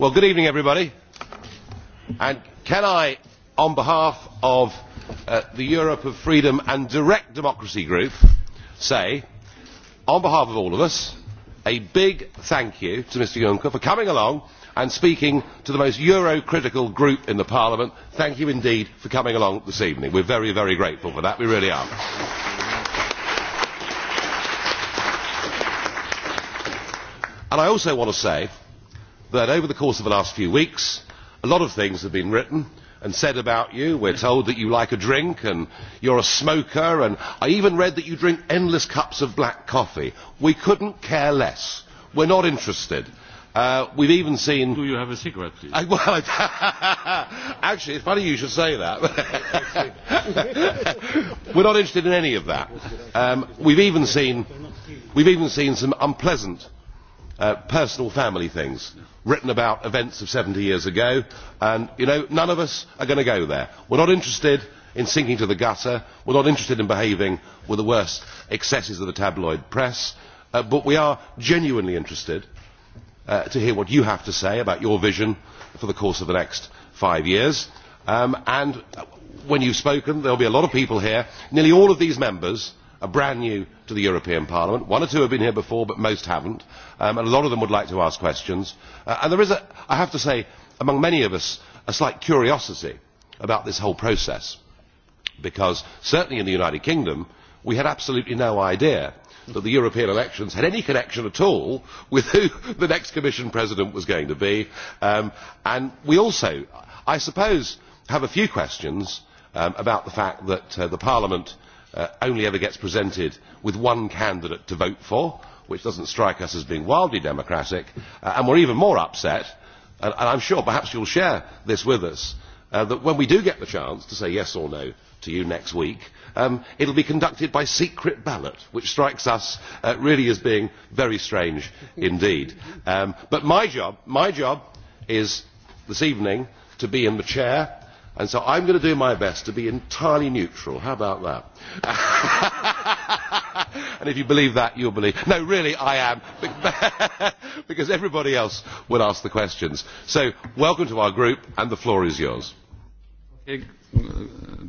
Well, good evening, everybody. And can I, on behalf of the Europe of Freedom and Direct Democracy Group, say, on behalf of all of us, a big thank you to Mr Juncker for coming along and speaking to the most Eurocritical group in Parliament. Thank you indeed for coming along this evening. We are very, very grateful for that. We really are. And I also want to say that over the course of the last few weeks, a lot of things have been written and said about you. We're told that you like a drink and you're a smoker, and I even read that you drink endless cups of black coffee. We couldn't care less. We're not interested. Uh, we've even seen. Do you have a cigarette, please? I, well, actually, it's funny you should say that. We're not interested in any of that. Um, we've even seen, we've even seen some unpleasant personal family things written about events of seventy years ago and none of us are going to go there. we are not interested in sinking to the gutter we are not interested in behaving with the worst excesses of the tabloid press but we are genuinely interested to hear what you have to say about your vision for the course of the next five years and when you have spoken there will be a lot of people here nearly all of these members are brand new to the European Parliament. One or two have been here before, but most haven't. Um, and a lot of them would like to ask questions. Uh, and there is, a, I have to say, among many of us, a slight curiosity about this whole process. Because certainly in the United Kingdom, we had absolutely no idea that the European elections had any connection at all with who the next Commission President was going to be. Um, and we also, I suppose, have a few questions um, about the fact that uh, the Parliament only ever gets presented with one candidate to vote for, which does not strike us as being wildly democratic, and we are even more upset, and I am sure perhaps you will share this with us, that when we do get the chance to say yes or no to you next week, it will be conducted by secret ballot, which strikes us really as being very strange indeed. but my job, my job is this evening to be in the chair And so I'm going to do my best to be entirely neutral. How about that? and if you believe that, you'll believe. No, really, I am. because everybody else will ask the questions. So welcome to our group, and the floor is yours. Okay.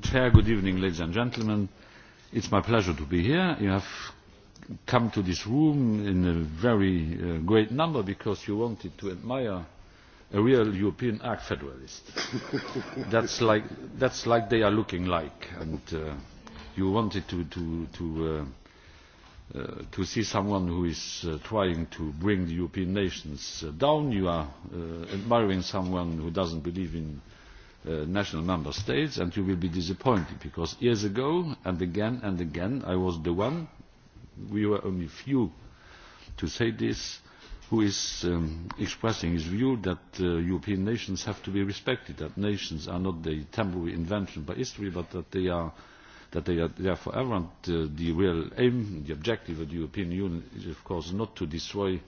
Chair, good evening, ladies and gentlemen. It's my pleasure to be here. You have come to this room in a very uh, great number because you wanted to admire a real European arc federalist. that's like that's like they are looking like, and uh, you wanted to to to. Uh, uh, to see someone who is uh, trying to bring the European nations uh, down, you are uh, admiring someone who doesn't believe in uh, national member states, and you will be disappointed because years ago and again and again I was the one. We were only few to say this who is expressing his view that European nations have to be respected, that nations are not a temporary invention by history, but that they are that they are there forever and uh, the real aim, the objective of the European Union is of course not to destroy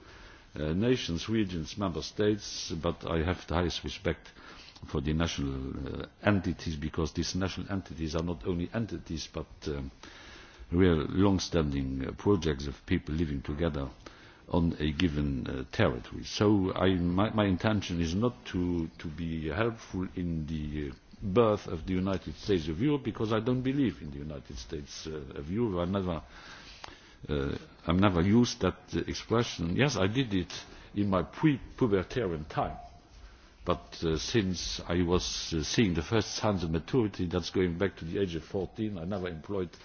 uh, nations, regions, member states, but I have the highest respect for the national uh, entities because these national entities are not only entities but um, real long-standing uh, projects of people living together on a given uh, territory. So I, my, my intention is not to, to be helpful in the birth of the United States of Europe because I don't believe in the United States uh, of Europe. I never, uh, I've never used that expression. Yes, I did it in my pre-pubertarian time. But uh, since I was uh, seeing the first signs of maturity, that's going back to the age of 14, I never employed uh,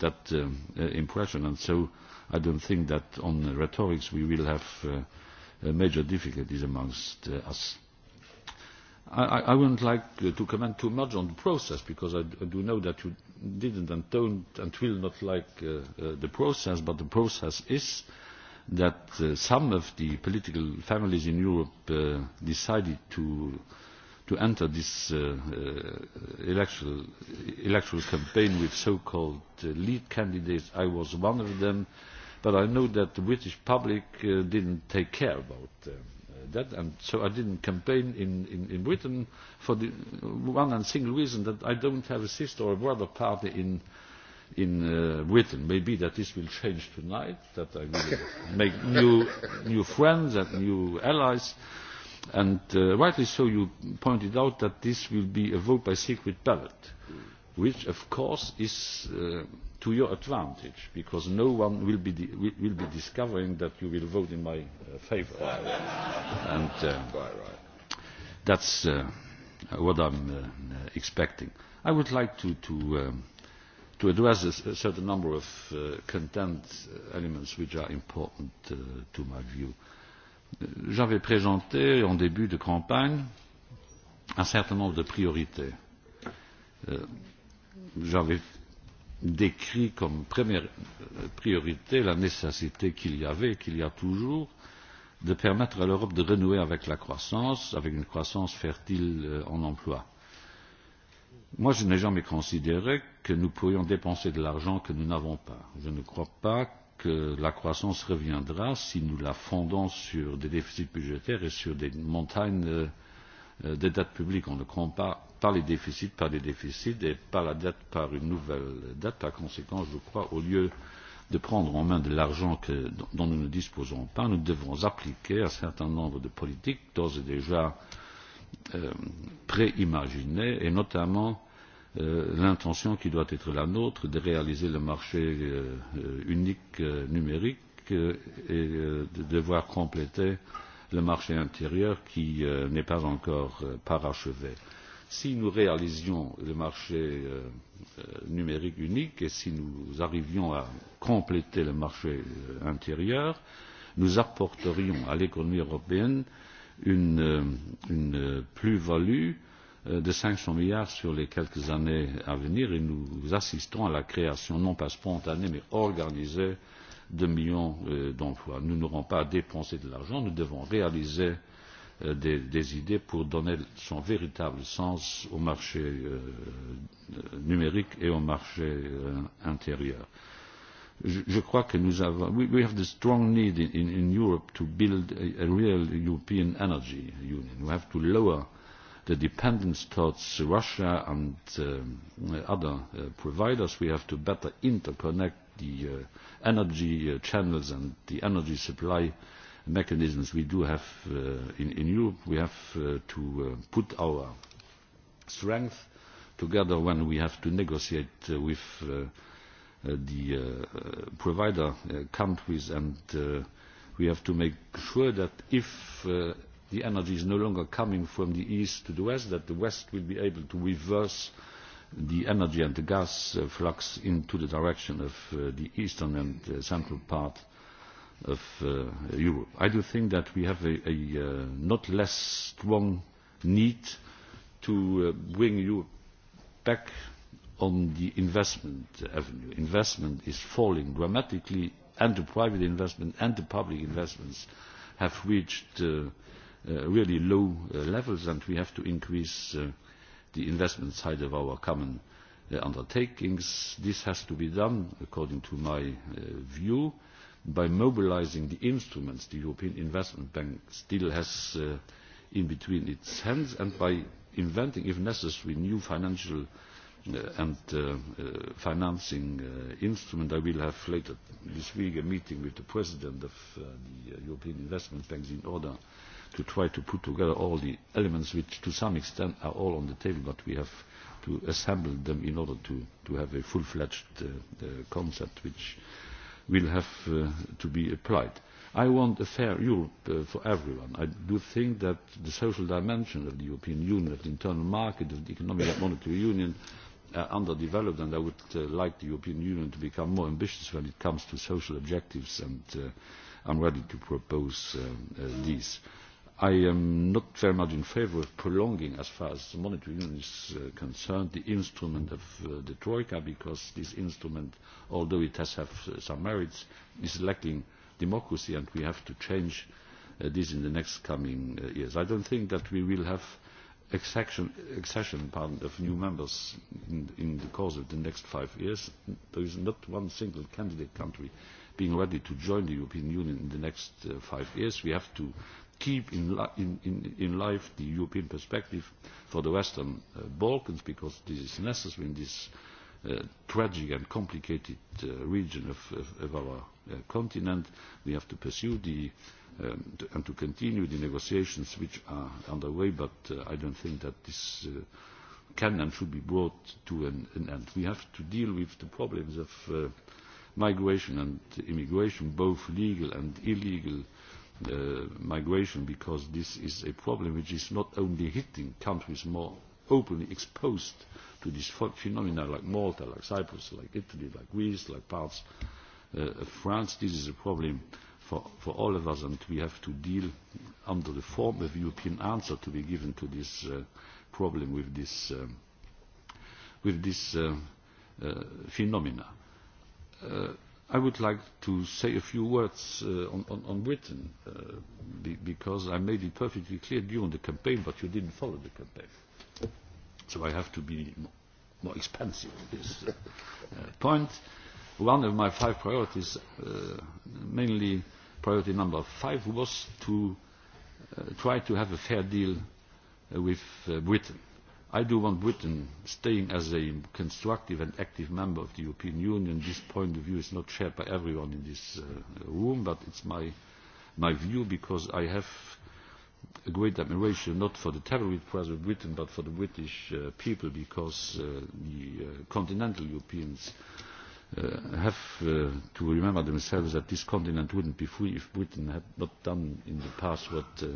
that uh, impression. And so I don't think that on rhetorics we will have uh, major difficulties amongst uh, us. I, I wouldn't like to comment too much on the process because I, I do know that you didn't and don't and will not like uh, uh, the process, but the process is that uh, some of the political families in Europe uh, decided to uh, to enter this uh, uh, electoral, electoral campaign with so-called uh, lead candidates. I was one of them, but I know that the British public uh, didn't take care about uh, that, and so I didn't campaign in, in, in Britain for the one and single reason that I don't have a sister or brother party in in uh, Britain. Maybe that this will change tonight, that I will make new, new friends and new allies And uh, rightly so, you pointed out that this will be a vote by secret ballot, which, of course, is uh, to your advantage, because no one will be, di will be discovering that you will vote in my uh, favour. and uh, that's uh, what I'm uh, expecting. I would like to, to, um, to address a, a certain number of uh, content elements which are important uh, to my view. Uh, j'avais présenté en début de campagne un certain nombre de priorités. J'avais décrit comme première priorité la nécessité qu'il y avait et qu'il y a toujours de permettre à l'Europe de renouer avec la croissance, avec une croissance fertile en emploi. Moi, je n'ai jamais considéré que nous pourrions dépenser de l'argent que nous n'avons pas. Je ne crois pas que la croissance reviendra si nous la fondons sur des déficits budgétaires et sur des montagnes de dette publique. On ne compte pas les déficits par les déficits et pas la dette par une nouvelle dette. Par conséquent, je crois, au lieu de prendre en main de l'argent dont nous ne disposons pas, nous devons appliquer un certain nombre de politiques d'ores et déjà préimaginées et notamment l'intention qui doit être la nôtre de réaliser le marché unique numérique et de devoir compléter le marché intérieur qui n'est pas encore parachevé. Si nous réalisions le marché numérique unique et si nous arrivions à compléter le marché intérieur, nous apporterions à l'économie européenne une, plus-value euh, de cinq cents milliards sur les quelques années à venir et nous assistons à la création non pas spontanée mais organisée de millions d'emplois. Nous n'aurons pas à dépenser de l'argent, nous devons réaliser des, idées pour donner son véritable sens au marché numérique et au marché intérieur. Je crois que nous avons. We, we have the strong need in, in, Europe to build a, a real European energy union. We have to lower the dependence towards Russia and other providers. We have to better interconnect the energy channels and the energy supply mechanisms we do have in Europe. We have to put our strength together when we have to negotiate with the provider countries, and we have to make sure that if the energy is no longer coming from the east to the west, that the west will be able to reverse the energy and the gas uh, flux into the direction of uh, the eastern and uh, central part of uh, Europe. I do think that we have a, a uh, not less strong need to uh, bring Europe back on the investment avenue. Investment is falling dramatically, and the private investment and the public investments have reached uh, really low levels, and we have to increase the investment side of our common undertakings. This has to be done, according to my view, by mobilising the instruments the European Investment Bank still has in between its hands and by inventing, if necessary, new financial and financing instrument. I will have later this week a meeting with the president of the European Investment Bank in order to try to put together all the elements which to some extent are all on the table, but we have to assemble them in order to, to have a full-fledged uh, uh, concept which will have uh, to be applied. I want a fair Europe uh, for everyone. I do think that the social dimension of the European Union, of the internal market, of the economic and monetary union are underdeveloped and I would uh, like the European Union to become more ambitious when it comes to social objectives and uh, I'm ready to propose uh, uh, these. I am not very much in favour of prolonging, as far as the monetary union is uh, concerned, the instrument of uh, the Troika, because this instrument, although it has have, uh, some merits, is lacking democracy, and we have to change uh, this in the next coming uh, years. I don't think that we will have accession, accession pardon, of new members in, in the course of the next five years. There is not one single candidate country being ready to join the European Union in the next uh, five years. We have to keep in, in, in, in life the European perspective for the Western uh, Balkans because this is necessary in this uh, tragic and complicated uh, region of, of, of our uh, continent. We have to pursue the, um, to, and to continue the negotiations which are underway, but uh, I don't think that this uh, can and should be brought to an, an end. We have to deal with the problems of uh, migration and immigration, both legal and illegal uh, migration because this is a problem which is not only hitting countries more openly exposed to this phenomena like Malta, like Cyprus, like Italy, like Greece, like parts uh, of France. This is a problem for, for all of us and we have to deal under the form of European answer to be given to this uh, problem with this, um, with this uh, uh, phenomena. Uh, I would like to say a few words uh, on, on, on Britain, uh, be, because I made it perfectly clear during the campaign, but you didn't follow the campaign. So I have to be more, more expansive on this uh, point. One of my five priorities, uh, mainly priority number five, was to uh, try to have a fair deal uh, with uh, Britain I do want Britain staying as a constructive and active member of the European Union. This point of view is not shared by everyone in this uh, room, but it's my, my view because I have a great admiration not for the terrorist press of Britain, but for the British uh, people because uh, the uh, continental Europeans uh, have uh, to remember themselves that this continent wouldn't be free if Britain had not done in the past what uh,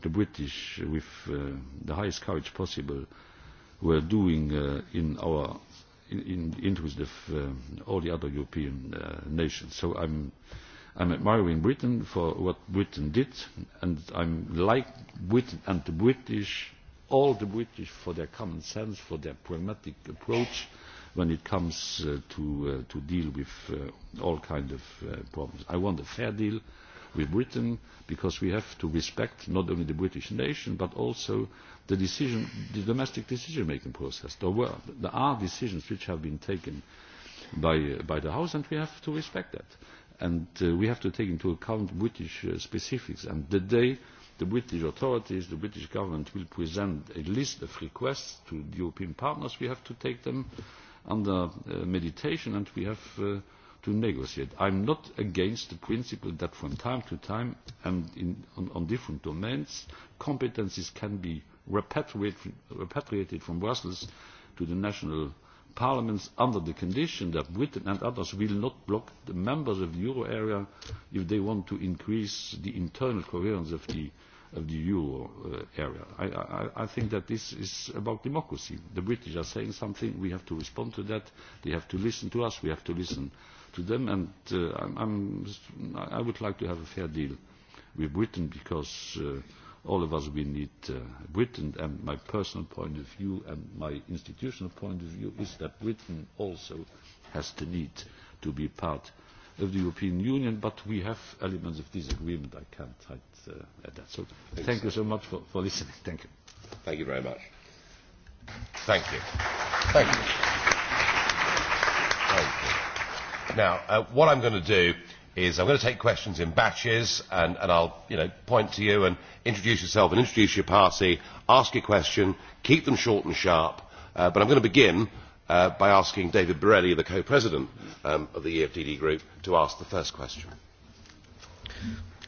the British, with uh, the highest courage possible, were doing uh, in our in, in, with the, uh, all the other European uh, nations. So I'm I'm admiring Britain for what Britain did, and I'm like Britain and the British, all the British for their common sense, for their pragmatic approach when it comes uh, to uh, to deal with uh, all kinds of uh, problems. I want a fair deal with Britain because we have to respect not only the British nation but also the, decision, the domestic decision-making process. There, were, there are decisions which have been taken by, by the House, and we have to respect that. And uh, we have to take into account British uh, specifics. And the day the British authorities, the British government will present a list of requests to the European partners, we have to take them under uh, meditation and we have uh, to negotiate. I'm not against the principle that from time to time and in, on, on different domains, competences can be repatriated from Brussels to the national parliaments under the condition that Britain and others will not block the members of the euro area if they want to increase the internal coherence of the, of the euro uh, area. I, I, I think that this is about democracy. The British are saying something, we have to respond to that, they have to listen to us, we have to listen to them, and uh, I'm, I'm, I would like to have a fair deal with Britain because uh, all of us, we need uh, Britain. And my personal point of view and my institutional point of view is that Britain also has the need to be part of the European Union, but we have elements of disagreement. I can't hide uh, at that. So Thanks, thank you so much for, for listening. Thank you. Thank you very much. Thank you. Thank you. Thank you. Now, uh, what I'm going to do is I'm going to take questions in batches and, and I'll you know, point to you and introduce yourself and introduce your party, ask your question, keep them short and sharp. Uh, but I'm going to begin uh, by asking David Borelli, the co-president um, of the EFDD group, to ask the first question.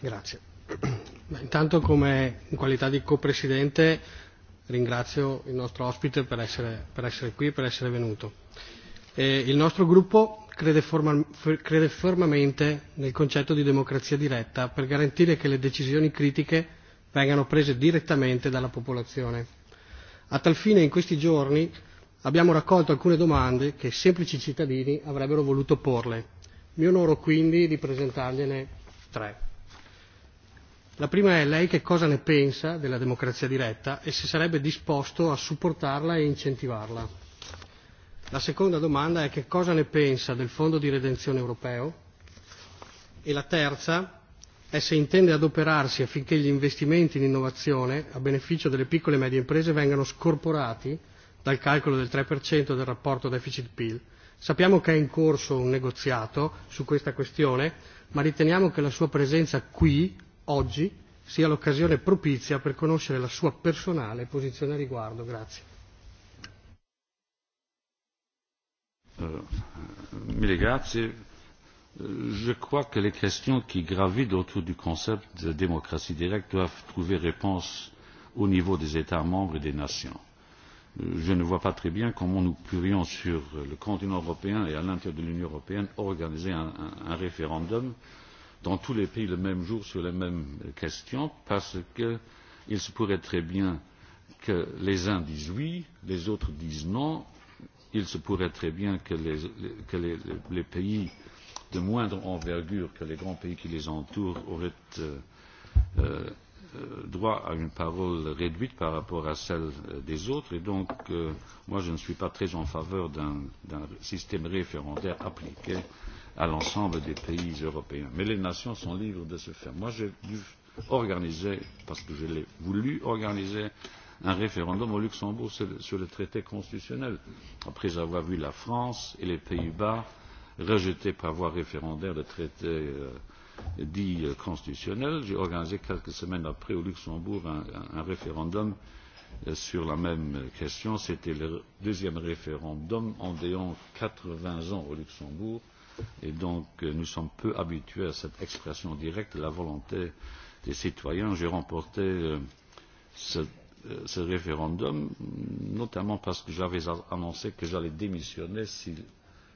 Grazie. Intanto come in qualità di co-presidente ringrazio il nostro ospite per essere, per essere qui, per essere venuto. E il nostro gruppo crede, forma, crede fermamente nel concetto di democrazia diretta per garantire che le decisioni critiche vengano prese direttamente dalla popolazione. A tal fine in questi giorni abbiamo raccolto alcune domande che semplici cittadini avrebbero voluto porle. Mi onoro quindi di presentargliene tre. La prima è lei che cosa ne pensa della democrazia diretta e se sarebbe disposto a supportarla e incentivarla. La seconda domanda è che cosa ne pensa del Fondo di redenzione europeo e la terza è se intende adoperarsi affinché gli investimenti in innovazione a beneficio delle piccole e medie imprese vengano scorporati dal calcolo del 3% del rapporto deficit-PIL. Sappiamo che è in corso un negoziato su questa questione, ma riteniamo che la sua presenza qui, oggi, sia l'occasione propizia per conoscere la sua personale posizione a riguardo. Grazie. je crois que les questions qui gravitent autour du concept de démocratie directe doivent trouver réponse au niveau des États membres et des nations. Je ne vois pas très bien comment nous pourrions, sur le continent européen et à l'intérieur de l'Union européenne, organiser un, référendum dans tous les pays le même jour sur les mêmes questions, parce qu'il se pourrait très bien que les uns disent oui, les autres disent non, il se pourrait très bien que les, pays de moindre envergure que les grands pays qui les entourent auraient droit à une parole réduite par rapport à celle des autres. Et donc, moi, je ne suis pas très en faveur d'un système référendaire appliqué à l'ensemble des pays européens. Mais les nations sont libres de se faire. Moi, j'ai dû organiser, parce que je l'ai voulu organiser, un référendum au Luxembourg sur le traité constitutionnel, après avoir vu la France et les Pays-Bas rejeter par voie référendaire le traité dit constitutionnel. J'ai organisé quelques semaines après au Luxembourg un, référendum sur la même question. C'était le deuxième référendum en ayant vingts ans au Luxembourg. Et donc, nous sommes peu habitués à cette expression directe de la volonté des citoyens. J'ai remporté cette ce référendum, notamment parce que j'avais annoncé que j'allais démissionner si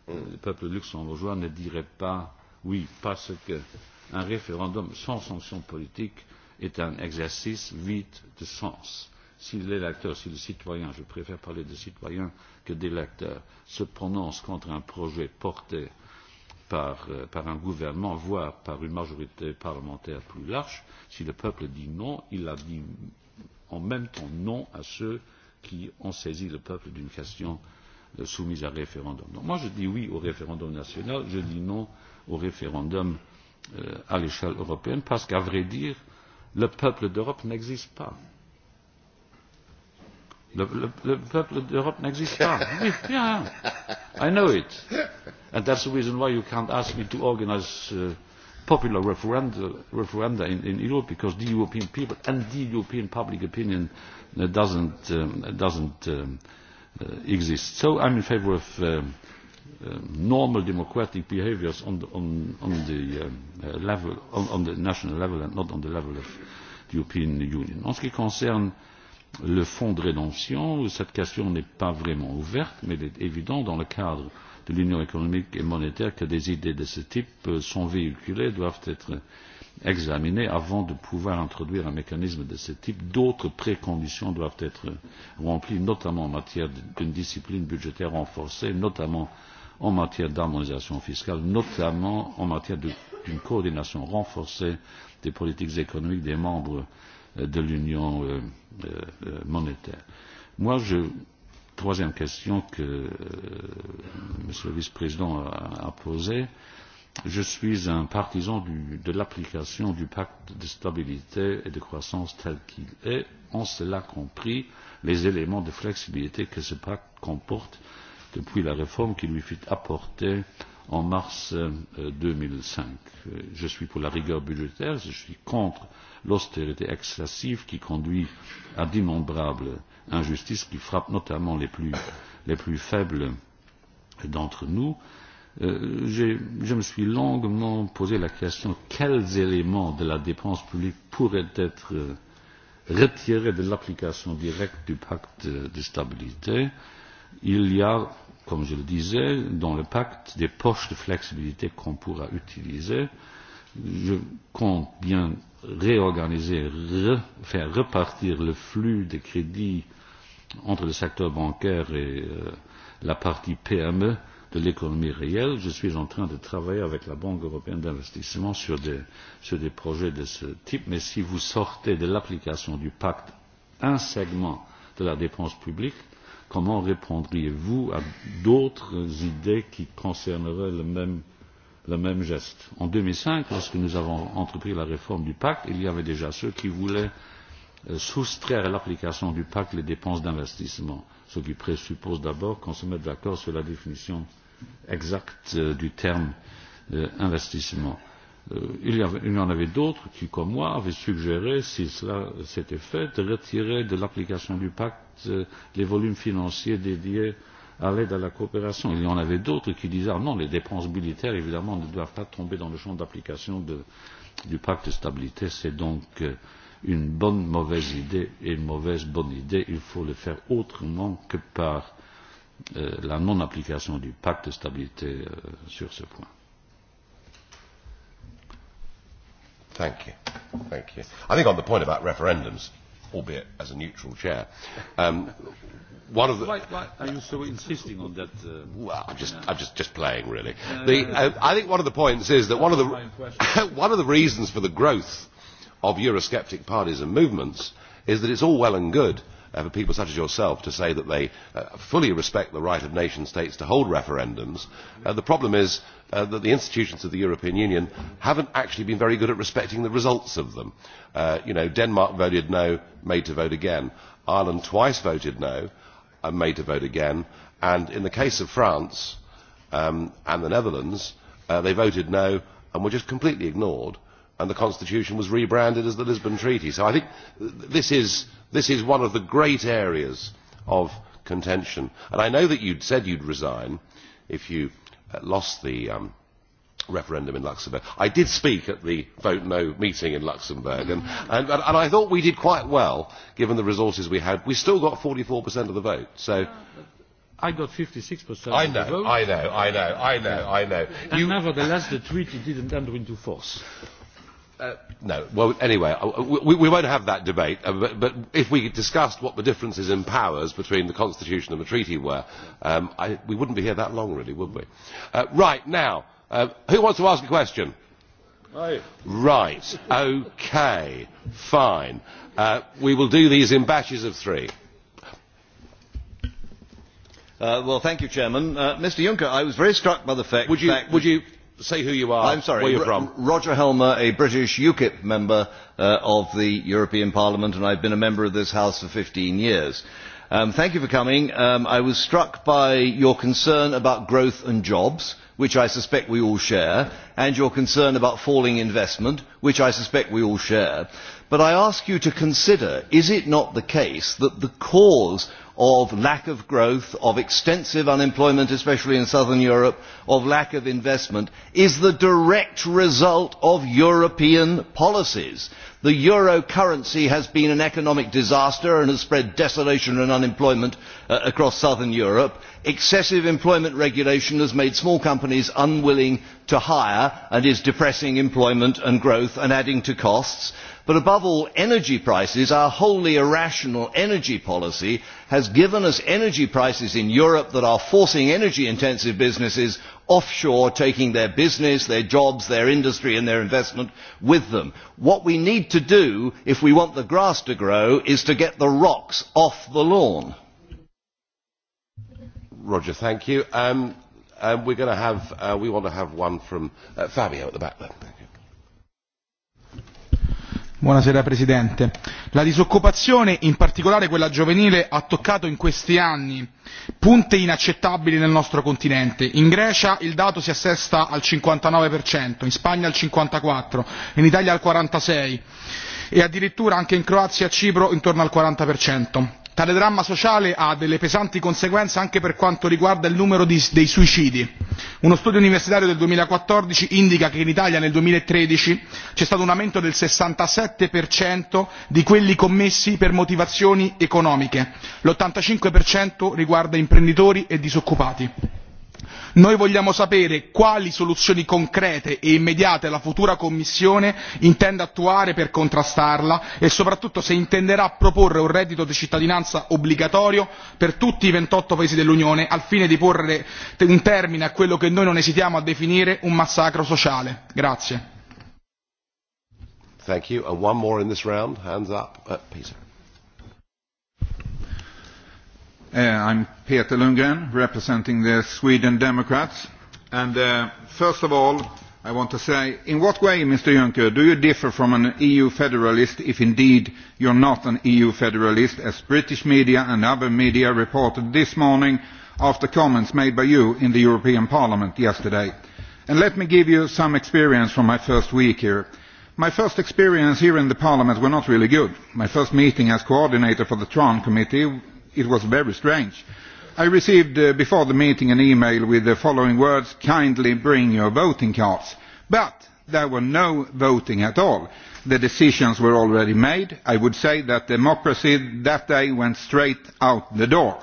le peuple luxembourgeois ne dirait pas oui, parce qu'un référendum sans sanction politique est un exercice vide de sens. Si l'électeur, si le citoyen, je préfère parler de citoyen que d'électeur, se prononce contre un projet porté par, un gouvernement, voire par une majorité parlementaire plus large, si le peuple dit non, il a dit en même temps non à ceux qui ont saisi le peuple d'une question soumise à référendum. Donc moi je dis oui au référendum national, je dis non au référendum euh, à l'échelle européenne, parce qu'à vrai dire, le peuple d'Europe n'existe pas. Le, le, le peuple d'Europe n'existe pas. Oui, yeah, I know it. And that's the reason why you can't ask me to organize uh, popular referenda, referenda in, in Europe because the European people and the European public opinion uh, doesn't, um, doesn't um, uh, exist. So I'm in favour of uh, normal democratic behaviours on the, on, on the um, uh, level, on, on the national level and not on the level of the European Union. En ce qui concerne le fonds de rédemption, cette question n'est pas vraiment ouverte, mais il est évident dans le cadre de l'Union économique et monétaire que des idées de ce type sont véhiculées, doivent être examinées avant de pouvoir introduire un mécanisme de ce type. D'autres préconditions doivent être remplies, notamment en matière d'une discipline budgétaire renforcée, notamment en matière d'harmonisation fiscale, notamment en matière d'une coordination renforcée des politiques économiques des membres de l'Union monétaire. Moi, je troisième question que euh, M. le vice-président a, a posée. Je suis un partisan du, de l'application du pacte de stabilité et de croissance tel qu'il est, en cela compris les éléments de flexibilité que ce pacte comporte depuis la réforme qui lui fut apportée en mars deux mille cinq. Je suis pour la rigueur budgétaire, je suis contre l'austérité excessive qui conduit à d'innombrables injustice qui frappe notamment les plus, les plus faibles d'entre nous. Euh, je me suis longuement posé la question quels éléments de la dépense publique pourraient être retirés de l'application directe du pacte de stabilité. Il y a, comme je le disais, dans le pacte des poches de flexibilité qu'on pourra utiliser. Je compte bien réorganiser, re, faire repartir le flux de crédits entre le secteur bancaire et la partie PME de l'économie réelle. Je suis en train de travailler avec la Banque européenne d'investissement sur des, sur des projets de ce type, mais si vous sortez de l'application du pacte un segment de la dépense publique, comment répondriez-vous à d'autres idées qui concerneraient le même, le même geste En 2005, lorsque nous avons entrepris la réforme du pacte, il y avait déjà ceux qui voulaient soustraire à l'application du pacte les dépenses d'investissement, ce qui présuppose d'abord qu'on se mette d'accord sur la définition exacte du terme investissement. il, y en avait d'autres qui, comme moi, avaient suggéré, si cela s'était fait, de retirer de l'application du pacte les volumes financiers dédiés à l'aide à la coopération. Il y en avait d'autres qui disaient ah non, les dépenses militaires, évidemment, ne doivent pas tomber dans le champ d'application du pacte de stabilité. C'est donc une bonne mauvaise idée et une mauvaise bonne idée. Il faut le faire autrement que par euh, la non-application du pacte de stabilité euh, sur ce point. Thank you. Thank you. I think on the point about referendums, albeit as a neutral chair. Um, one of the why, why are you so insisting on that? Uh, well, I'm just, uh, I'm just, just playing really. Uh, the, uh, I think one of the points is that one of the one of the reasons for the growth of Eurosceptic parties and movements is that it's all well and good uh, for people such as yourself to say that they uh, fully respect the right of nation states to hold referendums. Uh, the problem is uh, that the institutions of the European Union haven't actually been very good at respecting the results of them. Uh, you know, Denmark voted no, made to vote again. Ireland twice voted no, and made to vote again. And in the case of France um, and the Netherlands, uh, they voted no and were just completely ignored and the constitution was rebranded as the Lisbon Treaty. So I think this is, this is one of the great areas of contention. And I know that you said you'd resign if you uh, lost the um, referendum in Luxembourg. I did speak at the Vote No meeting in Luxembourg, and, and, and I thought we did quite well, given the resources we had. We still got 44% of the vote, so... I got 56% I know, of the vote. I know, I know, I know, I know. And you... nevertheless, the treaty didn't enter into force no. Well, anyway, we, we won't have that debate. Uh, but, but if we discussed what the differences in powers between the Constitution and the treaty were, um, I, we wouldn't be here that long, really, would we? Uh, right now, uh, who wants to ask a question? I Right. Okay. Fine. Uh, we will do these in batches of three. Uh, well, thank you, Chairman. Uh, Mr. Juncker, I was very struck by the fact. Would you? Fact would you say who you are. I'm sorry. Where you're from. Roger Helmer, a British UKIP member uh, of the European Parliament, and I've been a member of this House for 15 years. Um, thank you for coming. Um, I was struck by your concern about growth and jobs, which I suspect we all share, and your concern about falling investment, which I suspect we all share But I ask you to consider, is it not the case that the cause of lack of growth, of extensive unemployment, especially in southern Europe, of lack of investment, is the direct result of European policies. The euro currency has been an economic disaster and has spread desolation and unemployment across southern Europe. Excessive employment regulation has made small companies unwilling to hire and is depressing employment and growth and adding to costs But above all, energy prices, our wholly irrational energy policy has given us energy prices in Europe that are forcing energy intensive businesses offshore, taking their business, their jobs, their industry and their investment with them. What we need to do, if we want the grass to grow, is to get the rocks off the lawn. Roger, thank you. Um, um, we're going to have, uh, we want to have one from uh, Fabio at the back there signora presidente onorevoli colleghi la disoccupazione in particolare quella giovanile ha toccato in questi anni punte inaccettabili nel nostro continente in grecia il dato si assesta al cinquantanove in spagna al cinquantaquattro in italia al quarantasei e addirittura anche in croazia e cipro intorno al quaranta percento tale dramma sociale ha delle pesanti conseguenze anche per quanto riguarda il numero dei suicidi uno studio universitario del duemilaquattordici indica che in italia nel duemilatredici c'è stato un aumento del sessantasette di quelli commessi per motivazioni economiche l' ottantacinque riguarda imprenditori e disoccupati noi vogliamo sapere quali soluzioni concrete e immediate la futura commissione intende attuare per contrastarla e soprattutto se intenderà proporre un reddito di cittadinanza obbligatorio per tutti i ventotto paesi dell'unione al fine di porre un termine a quello che noi non esitiamo a definire un massacro sociale. I I'm Peter Lundgren, representing the Sweden Democrats. And uh, first of all, I want to say, in what way, Mr Juncker, do you differ from an EU federalist if indeed you are not an EU federalist, as British media and other media reported this morning after comments made by you in the European Parliament yesterday? And let me give you some experience from my first week here. My first experience here in the Parliament were not really good. My first meeting as coordinator for the Tran Committee it was very strange. I received uh, before the meeting an email with the following words, kindly bring your voting cards. But there were no voting at all. The decisions were already made. I would say that democracy that day went straight out the door.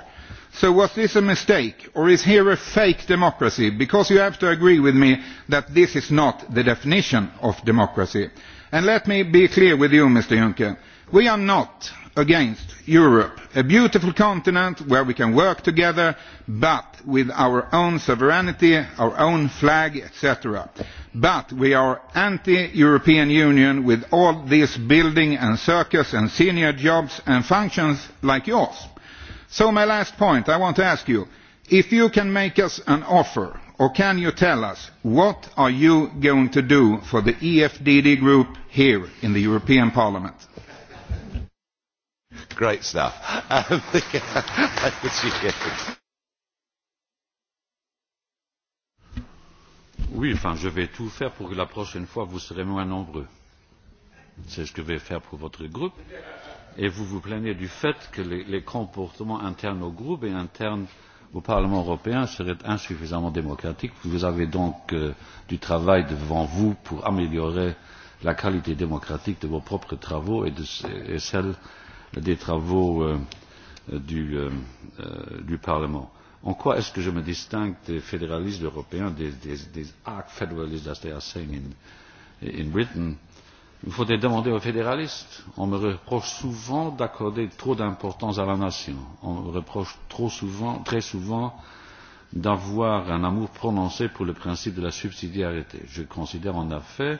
So was this a mistake, or is here a fake democracy? Because you have to agree with me that this is not the definition of democracy. And let me be clear with you, Mr Juncker. We are not against Europe, a beautiful continent where we can work together, but with our own sovereignty, our own flag, etc. But we are anti-European Union with all this building and circus and senior jobs and functions like yours. So my last point, I want to ask you, if you can make us an offer, or can you tell us what are you going to do for the EFDD group here in the European Parliament? Great stuff. Oui, enfin, je vais tout faire pour que la prochaine fois, vous serez moins nombreux. C'est ce que je vais faire pour votre groupe. Et vous vous plaignez du fait que les, les comportements internes au groupe et internes au Parlement européen seraient insuffisamment démocratiques. Vous avez donc euh, du travail devant vous pour améliorer la qualité démocratique de vos propres travaux et, de, et celle des travaux du, Parlement. En quoi est-ce que je me distingue des fédéralistes européens, des, des, des arc federalists, as they are saying in, in Britain? Il faudrait demander aux fédéralistes. On me reproche souvent d'accorder trop d'importance à la nation. On me reproche trop souvent, très souvent d'avoir un amour prononcé pour le principe de la subsidiarité. Je considère en effet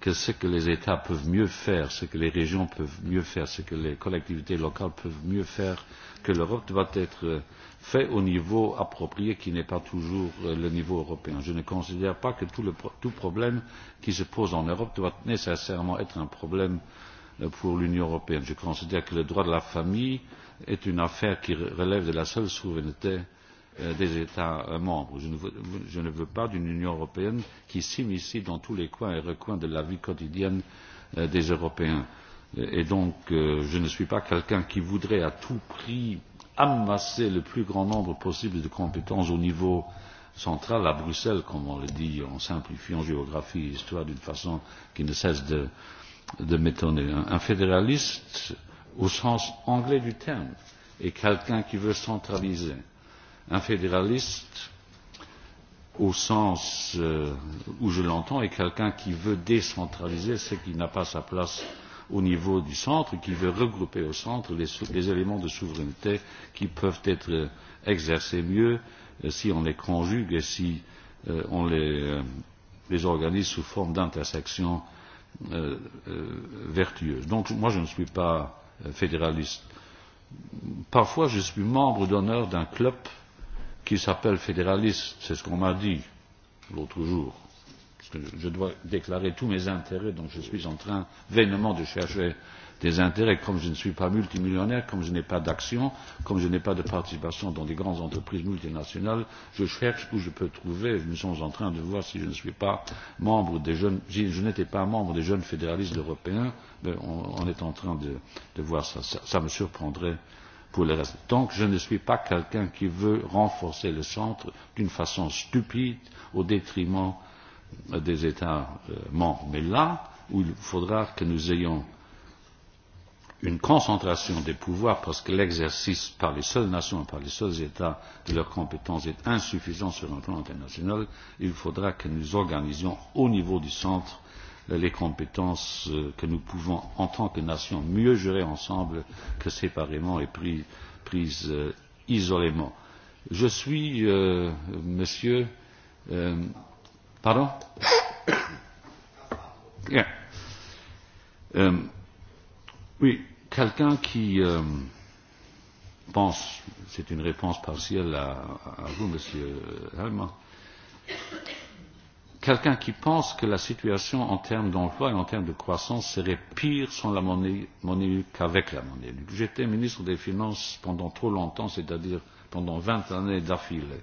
que ce que les États peuvent mieux faire, ce que les régions peuvent mieux faire, ce que les collectivités locales peuvent mieux faire que l'Europe doit être fait au niveau approprié qui n'est pas toujours le niveau européen. Je ne considère pas que tout, le, tout problème qui se pose en Europe doit nécessairement être un problème pour l'Union européenne. Je considère que le droit de la famille est une affaire qui relève de la seule souveraineté euh, des États membres. Je ne veux, pas d'une Union européenne qui s'immisce dans tous les coins et recoins de la vie quotidienne des Européens. Et donc, je ne suis pas quelqu'un qui voudrait à tout prix amasser le plus grand nombre possible de compétences au niveau central à Bruxelles, comme on le dit en simplifiant géographie et histoire d'une façon qui ne cesse de, de m'étonner. Un, fédéraliste, au sens anglais du terme, est quelqu'un qui veut centraliser. Euh, un fédéraliste au sens où je l'entends est quelqu'un qui veut décentraliser ce qui n'a pas sa place au niveau du centre, qui veut regrouper au centre les, les éléments de souveraineté qui peuvent être exercés mieux si on les conjugue et si euh, on les, euh, les organise sous forme d'intersection euh, euh, vertueuse. Donc moi je ne suis pas fédéraliste. Parfois je suis membre d'honneur d'un club euh, qui s'appelle fédéraliste, c'est ce qu'on m'a dit l'autre jour, parce que je dois déclarer tous mes intérêts, donc je suis en train vainement de chercher des intérêts, comme je ne suis pas multimillionnaire, comme je n'ai pas d'action, comme je n'ai pas de participation dans des grandes entreprises multinationales, je cherche où je peux trouver, nous sommes en train de voir si je ne suis pas membre des jeunes, si je n'étais pas membre des jeunes fédéralistes européens, mais on, on est en train de, de voir ça. ça. Ça me surprendrait pour le reste. Donc je ne suis pas quelqu'un qui veut renforcer le centre d'une façon stupide au détriment des États membres. Mais là où il faudra que nous ayons une concentration des pouvoirs parce que l'exercice par les seules nations, et par les seuls États de leurs compétences est insuffisant sur un plan international, il faudra que nous organisions au niveau du centre les compétences que nous pouvons, en tant que nation, mieux gérer ensemble que séparément et prises isolément. Je suis, monsieur. pardon Oui, quelqu'un qui pense, c'est une réponse partielle à, vous, monsieur Helmer, Quelqu'un qui pense que la situation en termes d'emploi et en termes de croissance serait pire sans la monnaie, monnaie unique qu'avec la monnaie unique. J'étais ministre des Finances pendant trop longtemps, c'est-à-dire pendant 20 années d'affilée.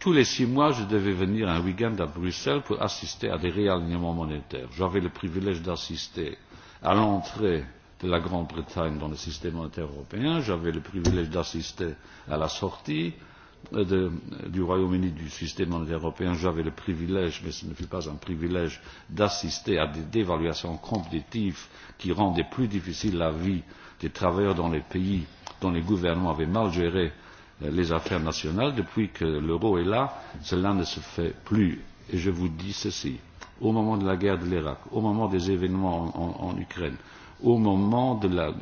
Tous les six mois, je devais venir un week-end à Bruxelles pour assister à des réalignements monétaires. J'avais le privilège d'assister à l'entrée de la Grande-Bretagne dans le système monétaire européen, j'avais le privilège d'assister à la sortie, euh, du Royaume-Uni du système monétaire européen, j'avais le privilège, mais ce ne fut pas un privilège, d'assister à des dévaluations compétitives qui rendaient plus difficile la vie des travailleurs dans les pays dont les gouvernements avaient mal géré les affaires nationales. Depuis que l'euro est là, cela ne se fait plus. Et je vous dis ceci, au moment de la guerre de l'Irak, au moment des événements en, en, en Ukraine, au, moment de la,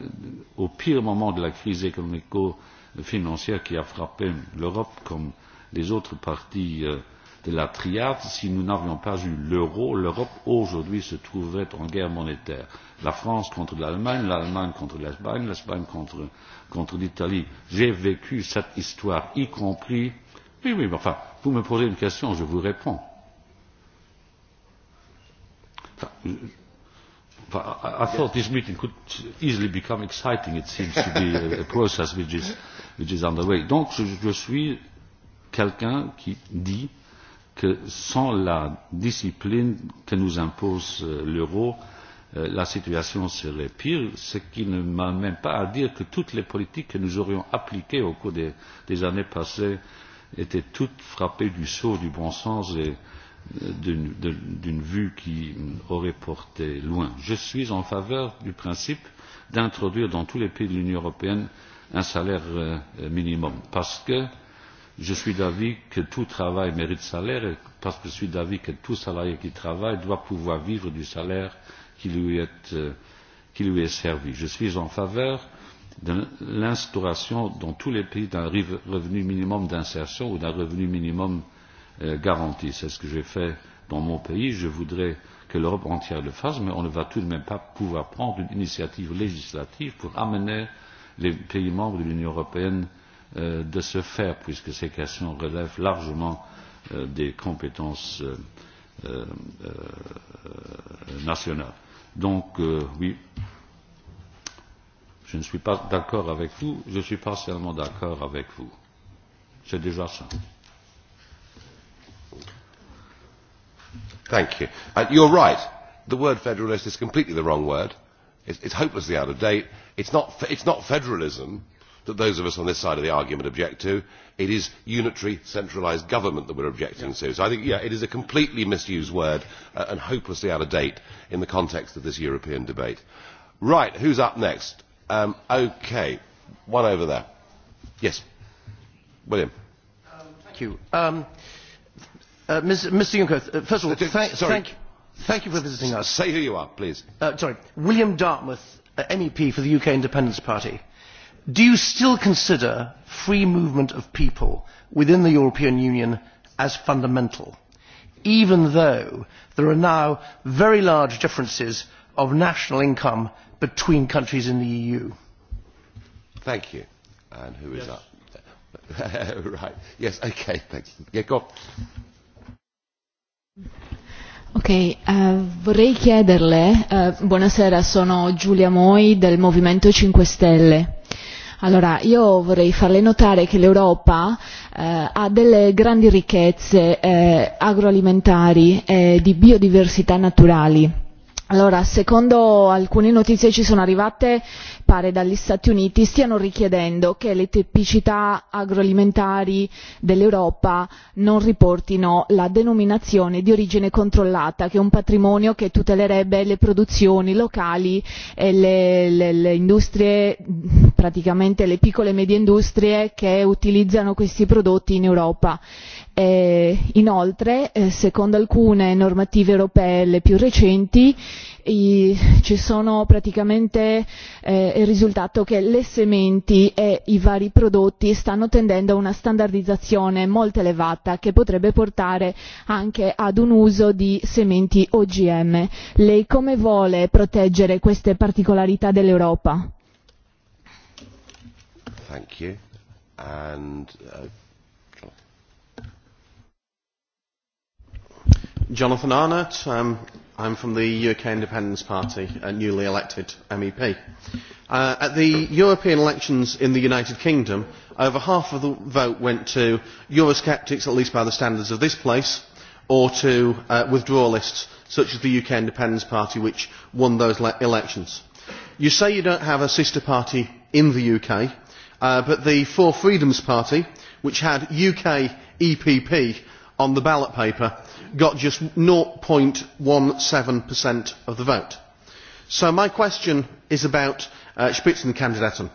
au pire moment de la crise économico financière qui a frappé l'Europe comme les autres parties de la triade, si nous n'avions pas eu l'euro, l'Europe aujourd'hui se trouverait en guerre monétaire. La France contre l'Allemagne, l'Allemagne contre l'Espagne, l'Espagne contre, contre l'Italie. J'ai vécu cette histoire, y compris. Oui, oui, mais enfin, vous me posez une question, je vous réponds. Enfin, I, I thought this meeting could easily become exciting. It seems to be a process which is which is underway. Donc je, je suis quelqu'un qui dit que sans la discipline que nous impose l'euro, la situation serait pire, ce qui ne m'amène pas à dire que toutes les politiques que nous aurions appliquées au cours des, des années passées étaient toutes frappées du sceau du bon sens et d'une vue qui aurait porté loin. Je suis en faveur du principe d'introduire dans tous les pays de l'Union européenne euh, un salaire minimum. Parce que je suis d'avis que tout travail mérite salaire, et parce que je suis d'avis que tout salarié qui travaille doit pouvoir vivre du salaire qui lui est, qui lui est servi. Je suis en faveur de l'instauration dans tous les pays d'un revenu minimum d'insertion ou d'un revenu minimum garanti. C'est ce que j'ai fait dans mon pays. Je voudrais que l'Europe entière le fasse, mais on ne va tout de même pas pouvoir prendre une initiative législative pour amener euh, les pays membres de l'Union européenne de se faire, puisque ces questions relèvent largement des compétences nationales. Donc, oui, je ne suis pas d'accord avec vous, je suis partiellement d'accord avec vous. C'est déjà ça. Thank you. Uh, you're right. The word federalist is completely the wrong word It's, it's hopelessly out of date. It's not, it's not federalism that those of us on this side of the argument object to. It is unitary, centralised government that we're objecting to. So I think, yeah, it is a completely misused word uh, and hopelessly out of date in the context of this European debate. Right, who's up next? Um, okay, one over there. Yes, William. Um, thank you. Um, uh, Mr. Juncker, first of all, thank, you. Thank you for visiting us. Say who you are, please. Uh, sorry, William Dartmouth, MEP for the UK Independence Party. Do you still consider free movement of people within the European Union as fundamental, even though there are now very large differences of national income between countries in the EU? Thank you. And who is yes. up? right. Yes, okay, thanks. Yeah, go on. Ok, uh, vorrei chiederle, uh, buonasera, sono Giulia Moi del Movimento 5 Stelle. Allora, io vorrei farle notare che l'Europa eh, ha delle grandi ricchezze eh, agroalimentari e di biodiversità naturali Allora, secondo alcune notizie ci sono arrivate, pare dagli Stati Uniti, stiano richiedendo che le tipicità agroalimentari dell'Europa non riportino la denominazione di origine controllata, che è un patrimonio che tutelerebbe le produzioni locali e le, le, le industrie, praticamente le piccole e medie industrie che utilizzano questi prodotti in Europa inoltre secondo alcune normative europee le più recenti ci sono praticamente il risultato che le sementi e i vari prodotti stanno tendendo a una standardizzazione molto elevata che potrebbe portare anche ad un uso di sementi ogm. lei come vuole proteggere queste particolarità dell'europa? Jonathan Arnott. Um, I'm from the UK Independence Party, a newly elected MEP. Uh, at the European elections in the United Kingdom, over half of the vote went to Eurosceptics, at least by the standards of this place, or to uh, withdrawal lists such as the UK Independence Party, which won those elections. You say you don't have a sister party in the UK, uh, but the Four Freedoms Party, which had UK EPP on the ballot paper, got just seventeen of the vote. So my question is about uh, Spitzenkandidaten.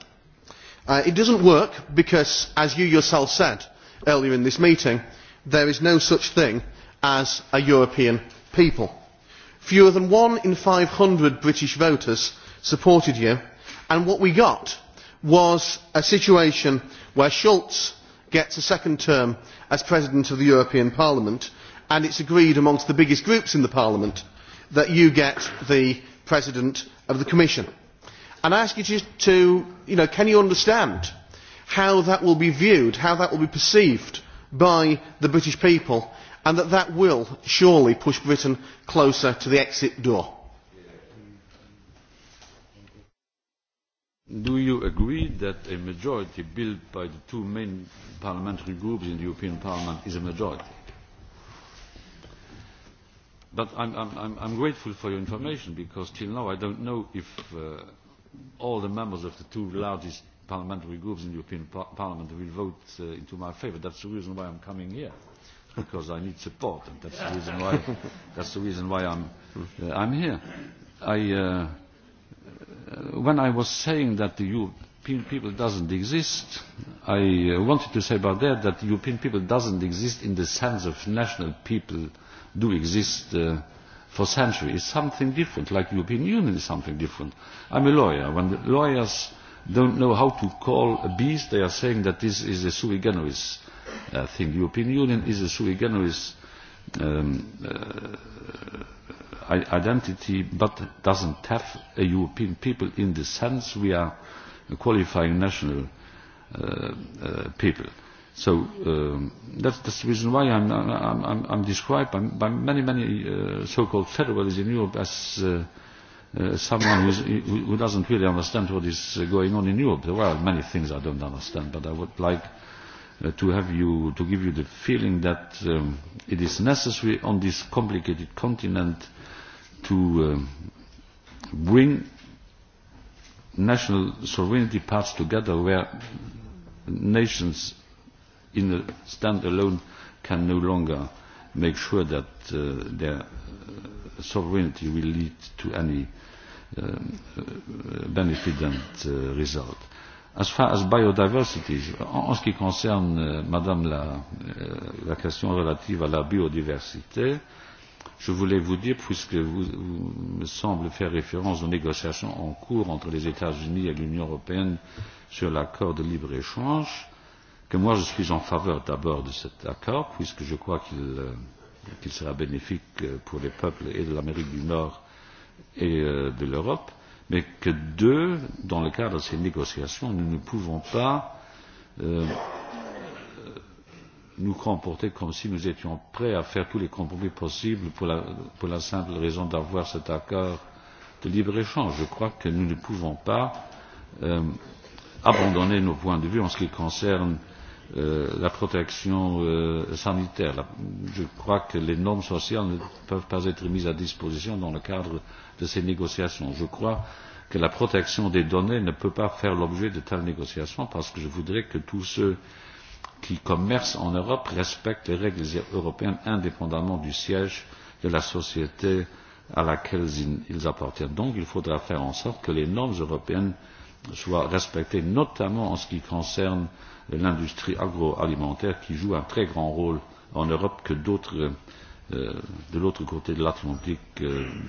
Uh, it doesn't work because, as you yourself said earlier in this meeting, there is no such thing as a European people. Fewer than one in 500 British voters supported you, and what we got was a situation where Schulz gets a second term as President of the European Parliament and it is agreed amongst the biggest groups in parliament that you get the president of the commission. i ask you to can you understand how that will be viewed how that will be perceived by the british people and that that will surely push britain closer to the exit door? Do you agree that a majority built by the two main parliamentary groups in the European Parliament is a majority? But I'm, I'm, I'm grateful for your information because till now I don't know if uh, all the members of the two largest parliamentary groups in the European par Parliament will vote uh, into my favour. That's the reason why I'm coming here, because I need support, and that's the reason why, that's the reason why I'm, uh, I'm here. I, uh, when I was saying that the Europe European people doesn't exist. I uh, wanted to say about that that European people doesn't exist in the sense of national people do exist uh, for centuries. It's something different, like European Union is something different. I'm a lawyer. When the lawyers don't know how to call a beast, they are saying that this is a sui generis uh, thing. European Union is a sui generis um, uh, identity, but doesn't have a European people in the sense we are qualifying national uh, uh, people. So um, that's, the reason why I'm, I'm, I'm, I'm described by, by many, many uh, so-called federalists in Europe as uh, uh, someone who's, who doesn't really understand what is going on in Europe. There are many things I don't understand, but I would like uh, to have you, to give you the feeling that um, it is necessary on this complicated continent to um, bring national sovereignty parts together where nations in a stand alone can no longer make sure that uh, their sovereignty will lead to any um, benefit and uh, result. As far as biodiversity, en ce qui concerne, euh, Madame, la, euh, la question relative à la biodiversité, euh, je voulais vous dire, puisque vous, vous me semble faire référence aux négociations en cours entre les États-Unis et l'Union européenne sur l'accord de libre-échange, que moi je suis en faveur d'abord de cet accord, puisque je crois qu'il qu'il sera bénéfique pour les peuples et de l'Amérique du Nord et de l'Europe, mais que deux, dans le cadre de ces négociations, nous ne pouvons pas nous comporter comme si nous étions prêts à faire tous les compromis possibles pour la, pour la simple raison d'avoir cet accord de libre-échange. Je crois que nous ne pouvons pas euh, abandonner nos points de vue en ce qui concerne euh, la protection euh, sanitaire. La, je crois que les normes sociales ne peuvent pas être mises à disposition dans le cadre de ces négociations. Je crois que la protection des données ne peut pas faire l'objet de telles négociations parce que je voudrais que tous ceux qui commercent en Europe respectent les règles européennes indépendamment du siège de la société à laquelle ils appartiennent. Donc il faudra faire en sorte que les normes européennes soient respectées, notamment en ce qui concerne l'industrie agroalimentaire qui joue un très grand rôle en Europe que d'autres de l'autre côté de l'Atlantique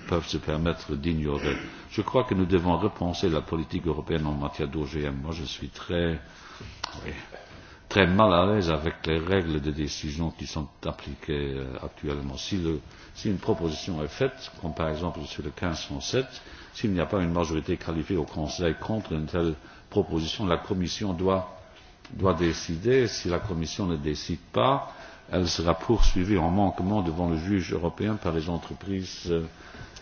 peuvent se permettre d'ignorer. Je crois que nous devons repenser la politique européenne en matière d'OGM. Moi, je suis très, oui, très mal à l'aise avec les règles de décision qui sont appliquées actuellement. Si, le, si une proposition est faite, comme par exemple sur le 1507, s'il n'y a pas une majorité qualifiée au Conseil contre une telle proposition, la Commission doit, doit décider. Si la Commission ne décide pas, elle sera poursuivie en manquement devant le juge européen par les entreprises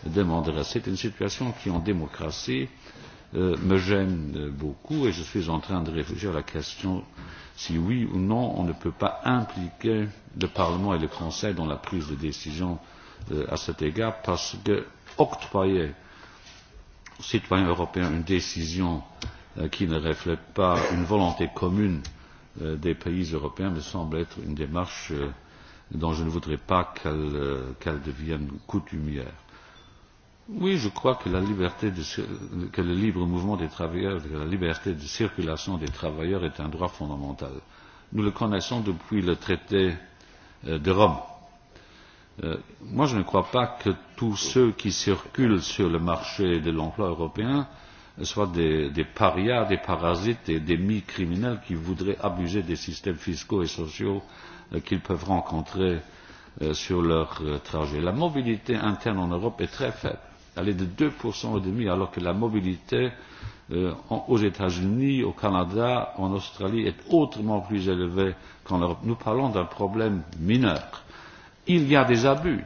demanderesses. C'est une situation qui, en démocratie, euh, me gêne beaucoup et je suis en train de réfléchir à la question si oui ou non on ne peut pas impliquer le Parlement et le Conseil dans la prise de décision à cet égard parce que octroyer aux citoyens européens une décision qui ne reflète pas une volonté commune des pays européens me semble être une démarche dont je ne voudrais pas qu'elle devienne coutumière Oui, je crois que, la liberté de, que le libre mouvement des travailleurs, que la liberté de circulation des travailleurs est un droit fondamental. Nous le connaissons depuis le traité euh, de Rome. Euh, moi, je ne crois pas que tous ceux qui circulent sur le marché de l'emploi européen soient des, des parias, des parasites et des mi-criminels qui voudraient abuser des systèmes fiscaux et sociaux euh, qu'ils peuvent rencontrer euh, sur leur euh, trajet. La mobilité interne en Europe est très faible est de 2% et demi alors que la mobilité euh, en, aux États-Unis, au Canada, en Australie est autrement plus élevée qu'en Europe. Nous parlons d'un problème mineur. Il y a des abus.